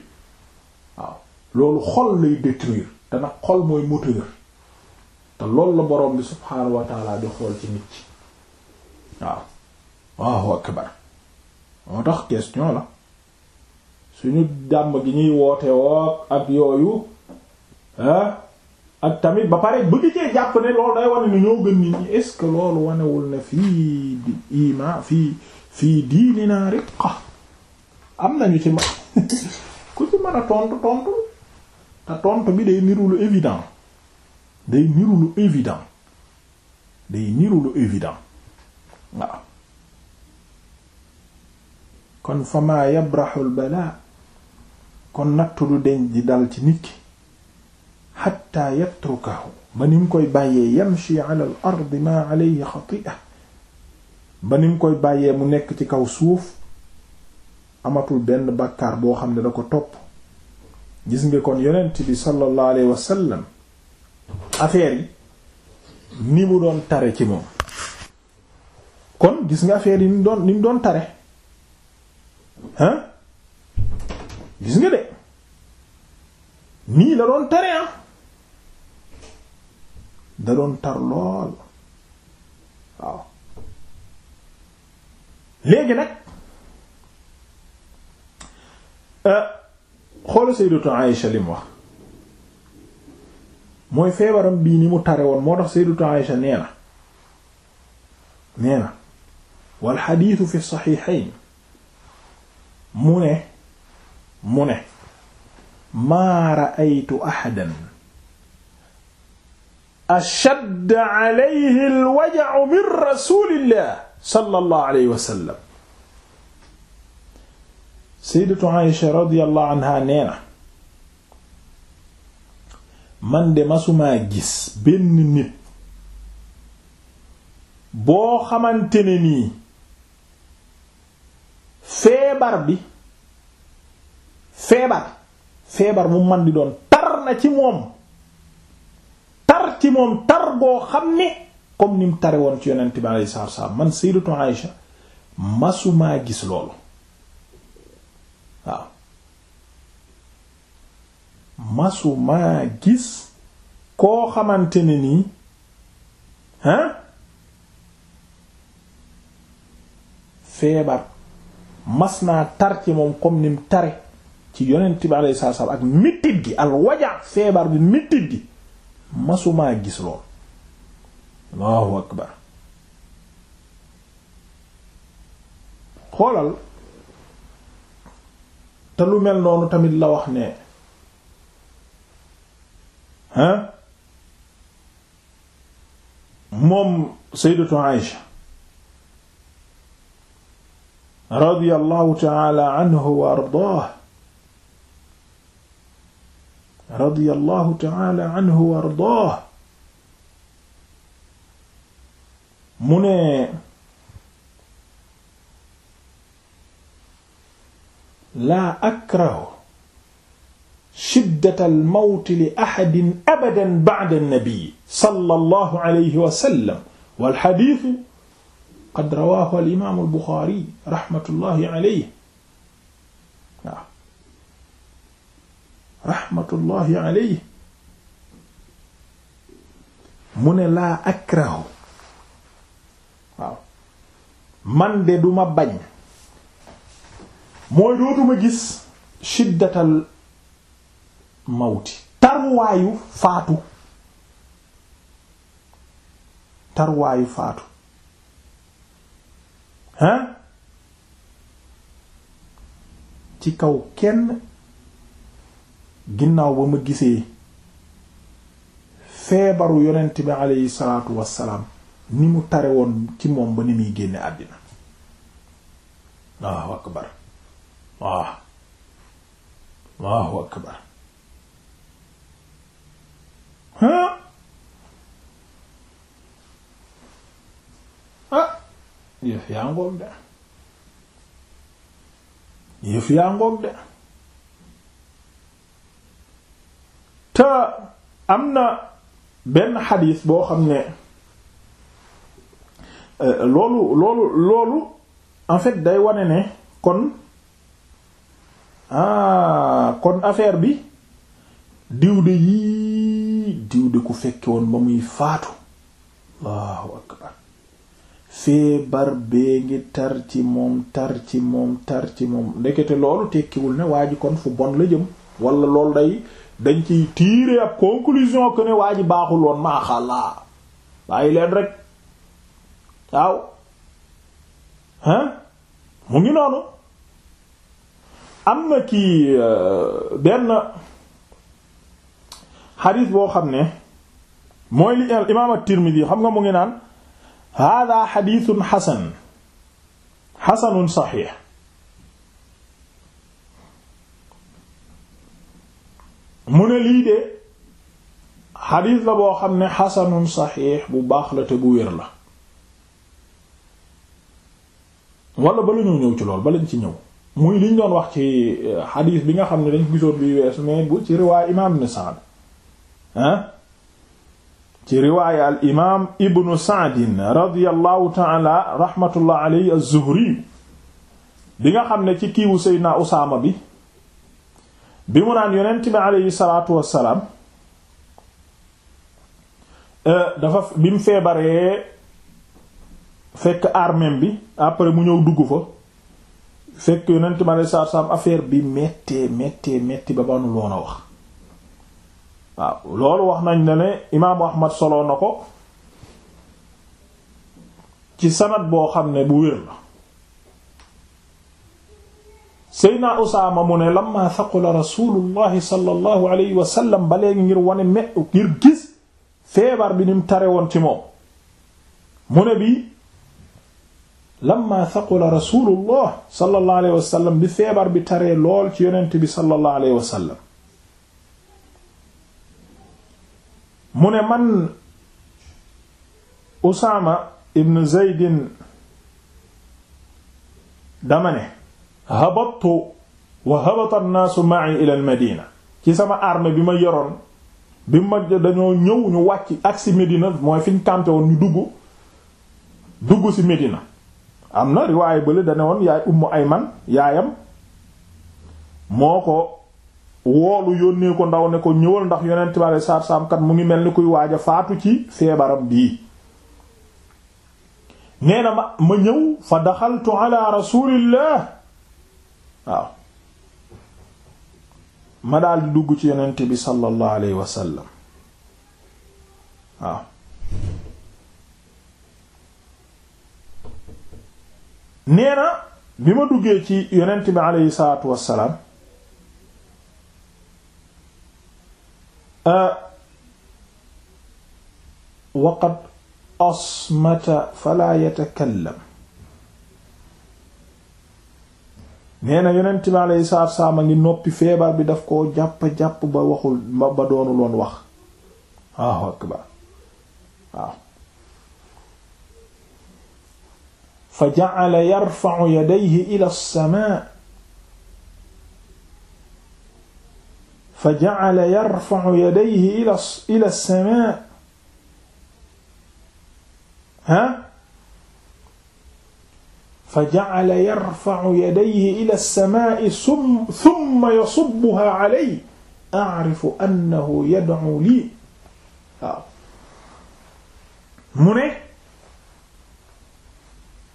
waaw loolu xol lay détruire te nag xol mooy moteur te loolu la borom bi subhaanahu wa taala di xool ci nit ci waaw waaw akbar moo tax question la suñu jàmm gi ñuy woote woo ak yooyu ah ak tamit ba pare bëgg cee jàpp ne loolu day wane ni ñoo gën nit ñi est ce que loolu wanewul na fii di fii fii diinina riqa am nañu ci ma ku ci mën a tontu tontu te tontu bi day niru lu évident day niru lu évident day niru évident waaw kon fa ma yabraxul balaa kon nattu du deñ di dal ci nit ki xatta yatrukahu ba ni mu koy bàyyee yamshi ala al ardi ma alayhi xatia ba ni mu koy bàyyee mu nekk ci kaw suuf amatul benn bàkkaar boo xam ne da ko topp gis nga kon yonent bi sallallahu alayhi wa sallam affaire yi ni mu doon tare ci moom gis nga yi ni doon ni doon tare gis nga de nii la doon tare ah da doon tar lool léegi nag euh, xoola sayyidatu Aïsha li mu wax mooy feebaram bii ni mu tare woon moo tax sayyidatu Aïsha nee na nee na wal xadiisu fi saxiixayn mu ne mu ne maa ra'aytu ahadan ashadd alayhi alwaja'u min rasulillah sallallahu alayhi wa anha nee na man de masumaa gis benn nit boo xamante ne nii feebar bi feebar feebar mu man doon tar na ci moom ci moom tar boo xam ne comme ni mu tare woon ci yonent bi alayhi salaatu wassalaam man sayyidatu Aïsha masumaa gis loolu waaw masumaa gis koo xamante ne nii hein feebar mas naa tar ci moom comme ni mu tare ci yonent bi alayhi salaatu wassalaam ak mettit gi al waja feebar bi mettit gi masumaa gis lool allahu akbar xoolal te lu mel noonu tamit la wax ne hein moom sayyidatu Aïsha radiyallahu ta'ala anha wa ardaaha radiyallahu ta'ala anhu wa ardaah mu ne laa akrahu shiddata almawti li axadin abadan ba'da annabi sallallahu alayhi wa sallam wal hadiisu qad rawaahu al imaamu al buxaari raxmatullahi alayhi raxmatullahi alayhi mu ne laa akrahu waaw man de duma bañ mooy dootuma gis shiddatal mawti tarwaayu faatu tarwaayu ci kaw kenn ginnaaw ba ma gisee feebaru yonent bi aleyhi salaatu wassalaam ni mu tare woon ci moom ba ni muy génne àddina waaw akbar waaw waaw akbar ha ah yëf yaa ngoog de yëf yaa ngoog de te am na benn xadiis boo xam ne euh, loolu loolu loolu en fait day wane ne kon ah, kon affaire bi diw de yii diw de ku fekke woon ba muy faatu allahu akbar feebar bee ngi tar ci moom tar ci moom tar ci moom ndekete loolu tekkiwul ne waa ji kon fu bon la jëm wala loolu day dañ ciy tirer ab conclusion que ne waa ji baaxul woon maaxàllaa bàyyi leen rek waaw hein mu ngi noonu am na kii euh, benn xadis boo xam ne mooy li imaam at-Tirmidhi xam nga mu ngi naan hada xadisun xasan xasanun saxiix mu ne lii de xadiis la boo xam ne xasanun saxiix bu baax la te bu wér la wala ba la ñu ñëw ci lool ba lañ ci ñëw muy liñ doon wax ci euh, xadiis bi nga xam ne dañ gisoon bi weesu mais bu ci riwaay imaam ibn Sa'd ah ci riwaay al imaam ibn Sa'd radiyallahu ta'ala rahmatullah alayhi bi nga xam ne ci kiiwu Seydina Usaama bi bi mu naan yonent bi aleyhi salaatu wassalaam euh, dafa bi mu feebaree fekk armeem bi après bu ñëw dugg fa fekk yonent bi aleyhi salaatu wassalaam affaire bi mettee mettee metti ba banu loon a wax waaw loolu wax nañ ne ne imaamu ahmad solo na ko ci sanad boo xam ne bu wér la Seydina Usaama mu ne lamma thaqula rasulullahi sallallahu alayhi wa sallam ba léegi ngir wane me ngir gis feebar bi ni tare woon ci moom mu bi lamma thaqula rasulullah sallallahu alayhi wa sallam bi feebar bi tare lool ci yonent bi sallallahu alayhi wa sallam mu ne man Usaama ibn Zaydin dama habattu wa habata naasu ma'i ila al-madina ci sama armée bi ma yoroon bi ma dañoo ñëw ñu wàcc ak si Medina mooy fi ñu campé woon ñu dugg dugg si Medina am na riwaaye bële dane woon yaay Ummu Ayman yaayam moo ko woolu yónnee ko ndaw ne ko ñëwal ndax yonent bi aleyhi salaatu salaam kat mu ngi mel ni kuy waaj a faatu ci feebaram bii nee na ma ñëw fa daxaltu ala rasulillah waaw ma daal dugg ci yonent bi sallallahu alayhi wa sallam waaw nee na bi ma duggee ci yonent bi alayhi salaatu wassalaam euh, waqad asmata fala yatakallam nee na yonent bi alayhi salaatu wa salaam ngi noppi feebar bi daf koo jàpp-jàpp ba waxul ba doonu loon wax waaw akbar waaw fa ja'ala ila samaa fa ja'ala yarfa'u ila ila samaa ha fa ja'ala yarfa'u yadayhi ila as-samaa'i thumma yasubbuha alayhi a'rifu annahu yad'u lii mu ne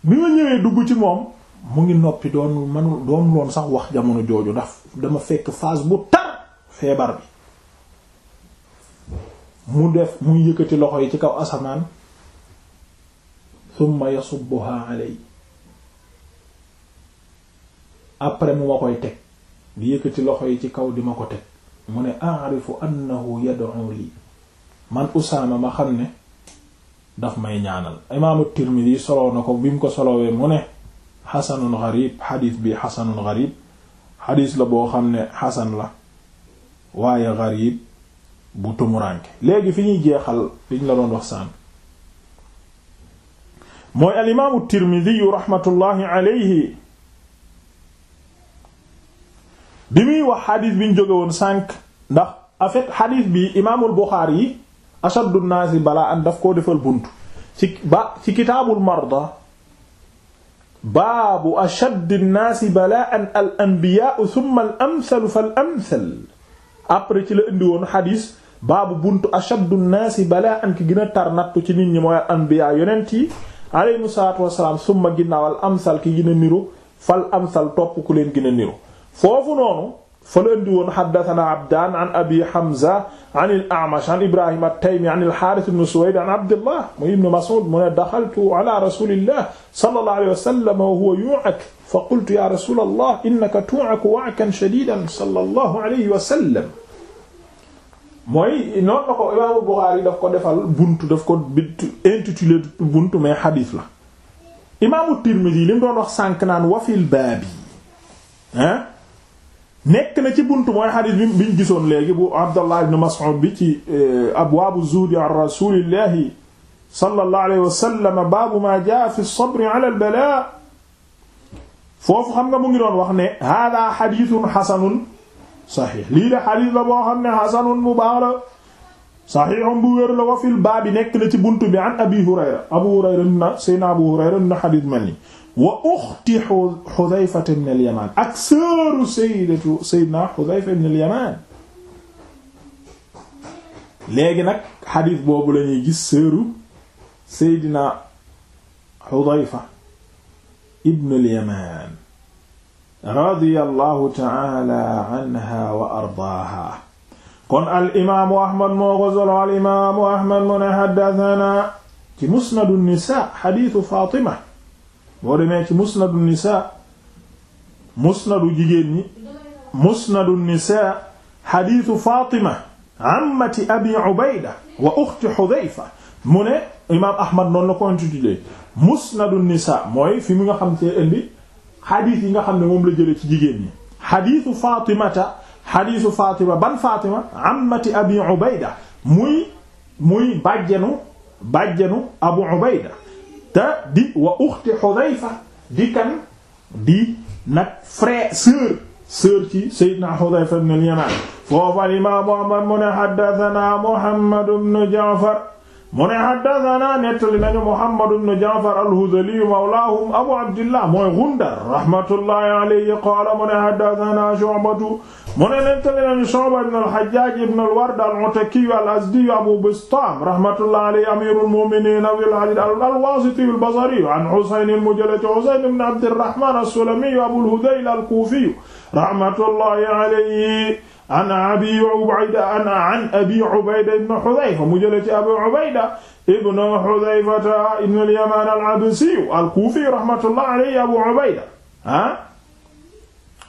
bi ma ñëwee dugg ci moom mu ngi noppi doon loon sax wax jamono jooju ndax dama fekk phase bu tar feebar bi mu def muy yëkkati loxo yi ci kaw asamaan thumma yasubbuha alayhi après mu ma koy teg di yëkkati loxo yi ci kaw di ma ko teg mu ne a'rifu annahu yad'u lii man Usaama ma xam ne daf may ñaanal imaamu Tirmidi soloo na ko bi mu ko solowee mu ne xasanun gharib xadiis bi xasanun gharib xadiis la boo xam ne xasan la waaye gharib bu tumuranke léegi fi ñuy jeexal liñ la doon wax sànn mooy alimaamu Tirmidi rahmatullahi alayhi li muy wax xadiis bi ñu jóge woon sànq ndax en fait xadiis bi imaamul Buxaari yi ashaddu naasi balaa an daf koo defal bunt ci ba ci kitaabul marda baabu ashaddi naasi balaa an al anbiyaau summa al amsalu fal après ci la indi woon xadiis baabu buntu ashaddu naasi balaa an ki gën a tar nattu ci nit ñi mooy al anbiyaa yonent yi aleyhimu salaatu wassalaam summa ginnaaw al amsal ki gën a niru fal topp ku leen gën a foofu noonu fa la indi woon haddathana Abdaan an Abi Hamza an al-A'mash an Ibrahim at-Taymi an al-Harith ibn Suwayd an Abdullah mu ibn Mas'ud mu ne daxaltu ala rasulillah sallallahu alayhi wa sallam wa huwa yu'ak fa qultu ya rasulallah innaka tu'aku wa'kan shadidan sallallahu alayhi wa sallam mooy noonu la ko imaamu Buxaari daf ko defal buntu daf ko intitulé buntu mais xadiis la imaamu Tirmidi li mu doon wax sànk naan wafil baabi ah nekk na ci buntu mooy xadis bi bi ñu gisoon léegi bu Abdallah ibn Mas'ud bi ci eh, abwaabu zuhdi an rasulillahi sallallahu alayhi wa sallam baabu ma jaa fi sabri ala al-balaa foofu xam nga mu ngi doon wax ne haadaa xadiisun xasanun saxiix lii de xadis la boo xam ne xasanun bu baax la saxiixun bu wér la wa fil baabi nekk na ci buntu bi an Abi Hurayra Abu Hurayra na Seydina Abu Hurayra na xadis mel ni wa uxti Xudayfata ibn al-Yamaan ak sœuru sayyidatu sayyidina Xudayfa ibn al-Yamaan léegi nag xadiis boobu la ñuy gis sœuru sayyidina Xudayfa ibn al-Yamaan radiyallahu ta'ala anha wa ardaaha kon al'imaamu Ahmad moo ko solo al'imaamu Ahmad mu ne haddasanaa ci musnadu nisaa xadiisu Faatima boo demee ci musnadu nisaa musnadu jigéen ñi musnadu nisaa xadiisu Faatima ammati abi Ubayda wa uxti mu ne imaam Ahmad noonu la ko intitulé musnadu nisaa mooy fi mu nga xam see indi xadiis yi nga xam ne moom la jëlee ci jigéen ñi xadiisu Faatimata xadiisu Faatima ban Faatima ammati abi Ubayda muy muy bàjjenu bàjjenu Abu Ubayda te di wa uxti Xudayfa di kan di nag frère sœur sœur ci Seydina Xudayfa ibn al-Yamaan foofa imaamu Ahmad mu ne haddasanaa Muhammad ibn Ja'far mu ne haddasanaa nettali nañu Muhammad ibn Ja'far al-Hudhali mawlaahum Abu Abdillah mooy Ghundar rahmatullahi alayhi qaala mu ne haddasanaa Shu'batu mu ne nettali nañu Shu'ba ibn al-Hajjaj ibn al-Ward al-Ataki al-Azdi Abu Bistam rahmatullah alayhi amirul mu'minin Abul Walid al-Wasiti al-Basri an Husayn al-Mujali Husayn ibn Abd al-Rahman as-Sulami Abul Hudayl al-Kufi rahmatullah alayhi an Abi Ubayda an Abi Ubayda ibn Hudayfa mu jëlee ci Abi Ubayda ibn Hudayfa ibn al-Yaman al-Absi al-Kufi rahmatullah alayhi Abu Ubayda ah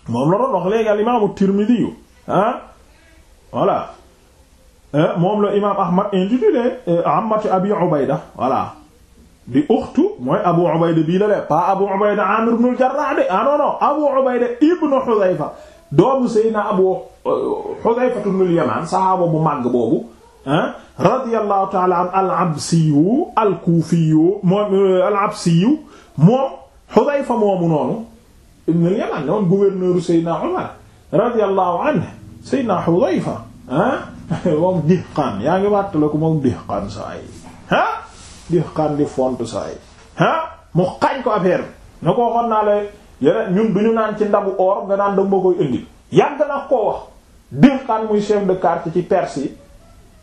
moom la doon wax léegi al imaamu Tirmidi yu ah voilà eh, moom la imaam Ahmad intitulé eh, ammatu Abi Ubayda voilà di uxtu mooy Abu Ubayda bii la lee pas Abu Ubayda Amir ibn al-Jarrah de ah non non Abu Ubayda ibn Hudhayfa doomu Seydina Abu Hudhayfa eh, ibn al-Yaman saxaaba bu màgg boobu ah radiyallahu ta'ala an al-Absiyu al-Kufiyu moom al-Absiyu moom Hudhayfa moomu noonu ibn al-Yaman ne woon gouverneur Seydina Omar radiyallahu anhu Seydina ah, moom Dihqaan yaa ngi wàttale ko moom Dihqaan saa yi ah Dihqaan di font sa yi ah mu xañ ko affaire bi na ko waxoon naa la yeneen ñun du ñu naan ci ndabu or nga naan dama koy indi yàgg na koo wax Dihqaan muy chef de quartier ci Perse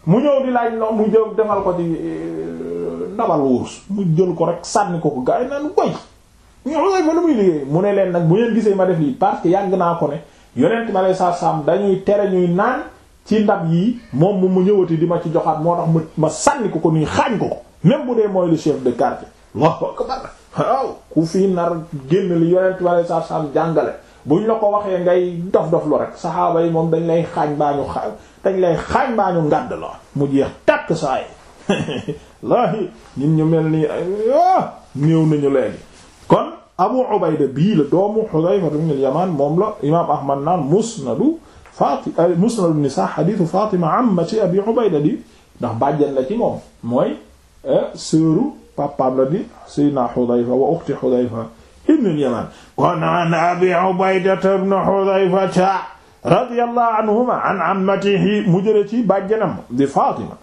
mu ñëw di laaj ndox mu jëw defal ko ci eh, ndabal wurus mu jël ko rek sànni ko ko gaa yi naan goy ñu Uzayfa lu muy mu ne leen nag bu ngeen gisee ma def lii parce que yàgg naa ko ne yonent ma lay sarsam dañuy tere ñuy naan ci ndab yi moom mu mu ñëwati di ma ci joxaat moo tax ma ma sànni ko ko nii xaañ ko ko même bu dee mooy lu chef de quartier Allahu akbar waaw ku fii nar génn li yonent ma lay sarsam jàngale buñ la ko waxee ngay dof dof lu rek saxaaba yi moom dañ lay xaañ baa ñu xaañ dañ lay xaañ baa ñu ngàdd la mu jeex tàkk saa yi laahi ñun ñu mel nii ah, néew nañu léegi kon abu ubayda bii la doomu xudayfa ibn al-yaman moom la imaam ahmad naan musnadu fati musnadu nisa xadiisu fatima ammati abi ubayda di ndax bàjjan la ci moom mooy eh, seeru papaam la di sayyidina xudayfa wa uxti xudayfa ibn al-yaman kon an abi ubayda ibn xudayfa radiyallahu anhuma an ammatihi mu jële ci bàjjanam di fatima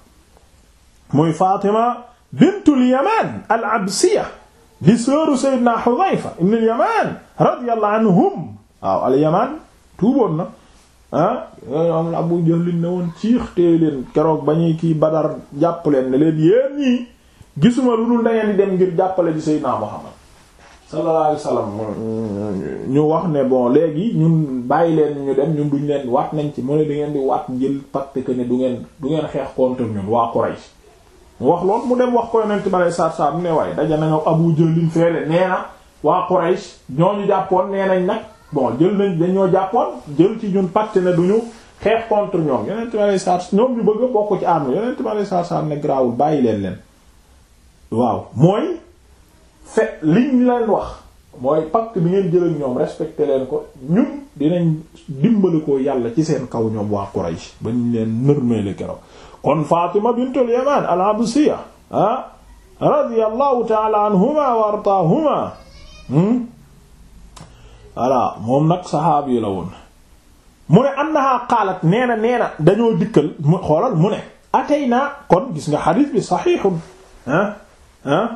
muy fatima bintul yaman al-absiya di sëru Seydina Xudayfa ibn al-Yamaan radiyallahu anhum waaw al-Yamaan tuuboon na ah ñoom Abu Jahl ne woon ciix tee leen keroog ba ñuy kii Badar jàpp leen leen yéen ñii gisuma lu dul da dem ngir jàppale di Seydina Muhammad sallallahu alayhi wasallam ñu wax ne bon léegi ñun bàyyi leen ñu dem ñun duñ leen waat nañ ci mu ne da ngeen di waat jël parce que ne du ngeen du ngeen xeex contre ñun waa Quraysh mu wax lool mu dem wax ko yonent bi aleyhi salaatu salaam ne waaye daje nañu Abu Jahl feele nee na waa Quraysh ñooñu jàppoon nee nañ nag bon jël nañ dañoo jàppoon jël ci ñun pacte ne duñu xeex contre ñoom yonent bi aleyhi salaatu ñoom bëgg bokk ci armée yonent bi aleyhi salaatu salaam ne garaawul bàyyi leen leen waaw mooy fe liñ leen wax mooy pacte bi ngeen jël ñoom respecté leen ko ñun dinañ dimbali ko yàlla ci seen kaw ñoom waa Quraysh ba ñu leen nërmee le keroog kon Fatima bintul Yaman al-Absiya ah radiyallahu ta'ala anhuma wa ardaahuma hmm? voilà moom nag saxaabi la woon mu ne annaha qaalat nee na nee na dañoo dikkal mu xoolal mu ne ataynaa kon gis nga xadis bi saxiixun ah ah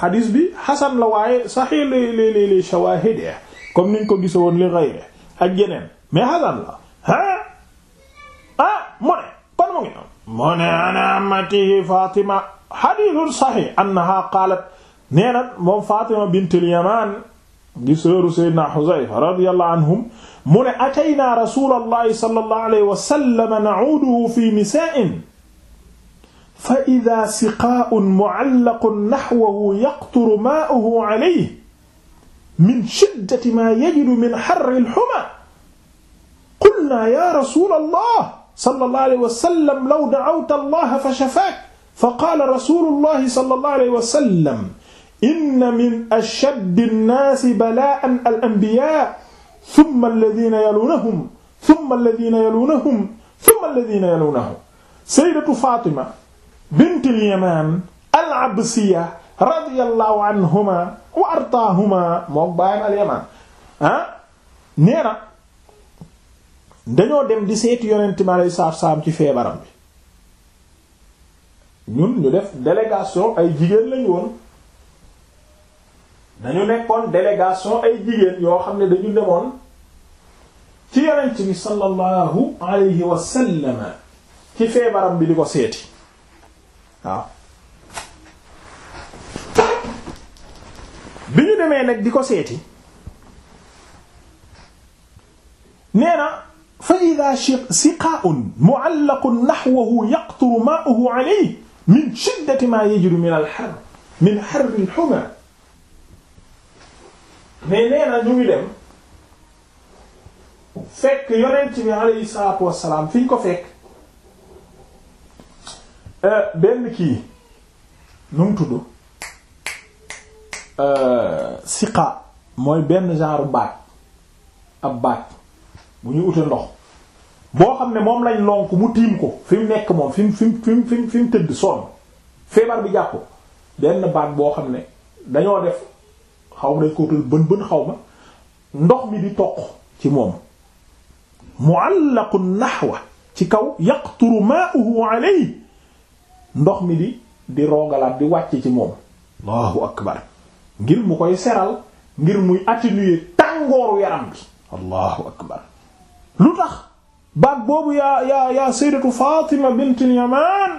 xadis bi xasan la waaye saxiix li li li li shawaahid comme niñ ko gise woon li gayre ak yeneen mais xasan la ah ah mu ne kon mu ngi noonu mu ne ana ammatihi fatima xaditun saxix annaha qaalat nee na moom fatima bint al-Yaman di sœuru sayyidina Xuzayfa radiyallahu anhum mu ne ataynaa rasulallahi sallallahu alayhi wa sallam na'uuduhu fi nisaa'in fa idaa siqaa'un mu'allaqun naxwahu yaqturu maa'uhu alayhi min shiddati maa yajidu min harri al-humaa qulnaa yaa rasulallah sallallahu alayhi wa sallam law da'awta allaha fa shafaak fa qaala rasulullahi sallallahu alayhi wa sallam inna min ashaddi nnaasi balaa'an al anbiyaa summa alladhiina yaluunahum summa alladhiina yaluunahum summa alladhiina yaluunahum sayyidatu Faatima bint al-Yamaan al-Absiyya radiyallahu anhumaa wa ardaahumaa moom baayam al-Yamaan ah nee na dañoo dem di seeti yonent mi aleyhi salaatu salaam ci feebaram bi ñun ñu def délégation ay jigéen lañ woon dañu nekkoon délégation ay jigéen yoo xam ne dañu demoon ci yonent bi sallallahu alayhi wa ci feebaram bi di ko seeti waaw bi ñu demee nag di ko seeti nee na fa ida siqaaun muallaqun naxwahu yaqturu maa'uhu alayhi min shiddati maa yajri min al-harr min harri al-humaa mais nee na ñu ngi dem fekk yonent bi alayhi salaatu wassalaam fi ñu ko fekk euh, benn kii nu mu tudd euh, siqa mooy benn genre baat ab baat bu ñu ute ndox boo xam ne moom lañ lonk mu tiim ko fi nekk moom fi mu fi mu tëdd sonn feebar bi jàpp benn baat boo xam ne dañoo def xaw ma dañ ko xaw ma ndox mi di toq ci moom mu'allaqu nahwa ci kaw yaqturu ma'uhu alayhi ndox mi di di roogalaat di wàcc ci moom allahu ngir mu koy seral ngir muy atténuer tàngooru yaram bi allahu akbar lu tax baat boobu yaa yaa yaa sayyidatu Fatima bint al-Yaman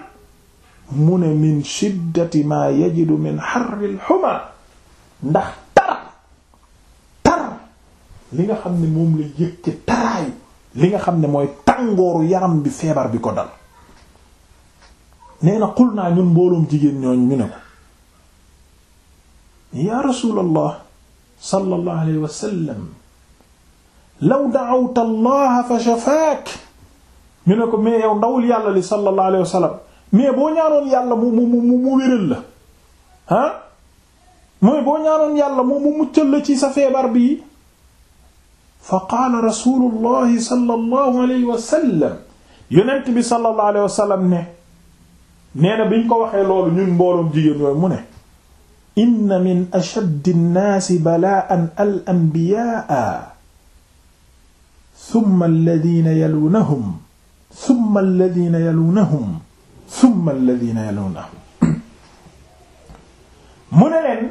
mu ne min shiddati ma yajidu min harril huma ndax tar tar li nga xam ne moom la yëg taraayu li nga xam ne mooy tàngooru yaram bi feebar bi ko dal nee na xul naa ñun mbooloom jigéen ñooñ ñu ne ko ya rasulallah sallallahu alayhi wa sallam law da'awta allaha fa shafaak ñu ne ko mais yow ndawul yàlla li sallallahu alayhi wa sallam mais boo ñaanoon yàlla mu mu mu mu wéral la ah mooy boo ñaanoon yàlla mu mu muccal la ci sa feebar bi fa qaala rasulullahi sallallahu alayhi wa sallam yonent bi sallallahu alayhi wa sallam ne nee na biñ ko waxee loolu ñun mbooloom jigéen yooyu mu ne inna min ashaddi an-naasi balaa'an al-anbiyaa summa alladina yalunahum summa alladina yalunahum summa alladina yalunahum mu ne leen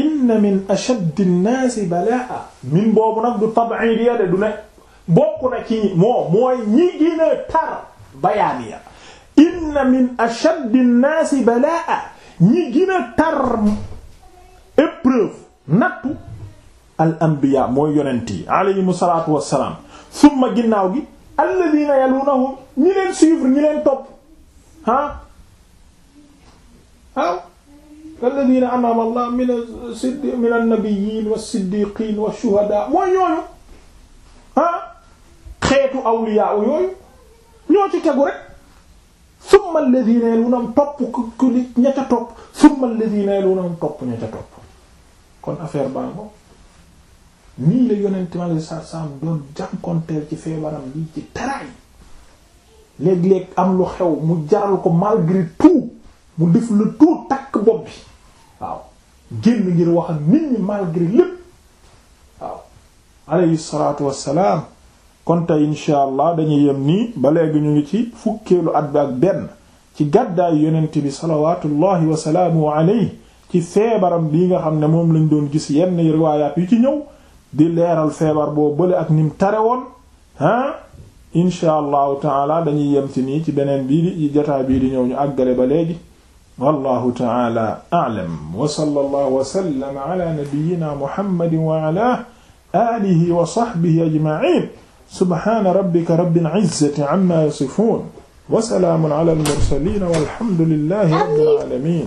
inna min ashaddi nnaasi balaa min boobu nag du tab'idiya de du ne bokk na ci moo mooy ñi gën a tar bayaaniya inna min ashaddi nnaasi balaa ñi gën a tar épreuve nattu al anbiya mooy yonent yi alayhimu salaatu wassalaam summa ginnaaw gi alladina yalunahum ñi leen suivre ñi leen topp ah waaw alladina an'ama allah min as-siddiq min an-nabiyyin was-siddiqin wash-shuhada mooy ñooñu ah xeetu awliya yooyu ñoo ci tegu rek summa alladina yalunahum topp ku ku ña ca topp summa alladina yalunahum topp ña ca topp kon affaire baa ngo nii la yonent mi alayhi salaatu salaam doon jànkonteel ci feebaram bi ci teraay léeg-léeg am lu xew mu jaral ko malgré tout mu def le tout takk bopp bi waaw génn ngir wax ak nit ñi malgré lépp waaw alayhi salaatu wassalaam kon tey insha allah dañuy yem nii ba léegi ñu ngi ci fukkeelu at bi ak benn ci gàddaay yonent bi salawaatullahi wa salaamu alayhi ci feebaram bii nga xam ne moom lañ doon gis yenn riwaayaat yu ci ñëw di leeral feebar boo bële ak nim tare woon ah insha allahu taala dañuy yem ci nii ci beneen bii di jotaay bii di ñëw ñu àggale ba léegi wallahu taala a'lam wa sallallahu wa sallama ala nabiyyina muhammadin wa ala alihi wa sahbihi ajma'in subhana rabbika rabbil izzati amma yasifun wa salaamun ala al mursalin walhamdulillahi rabbil alamin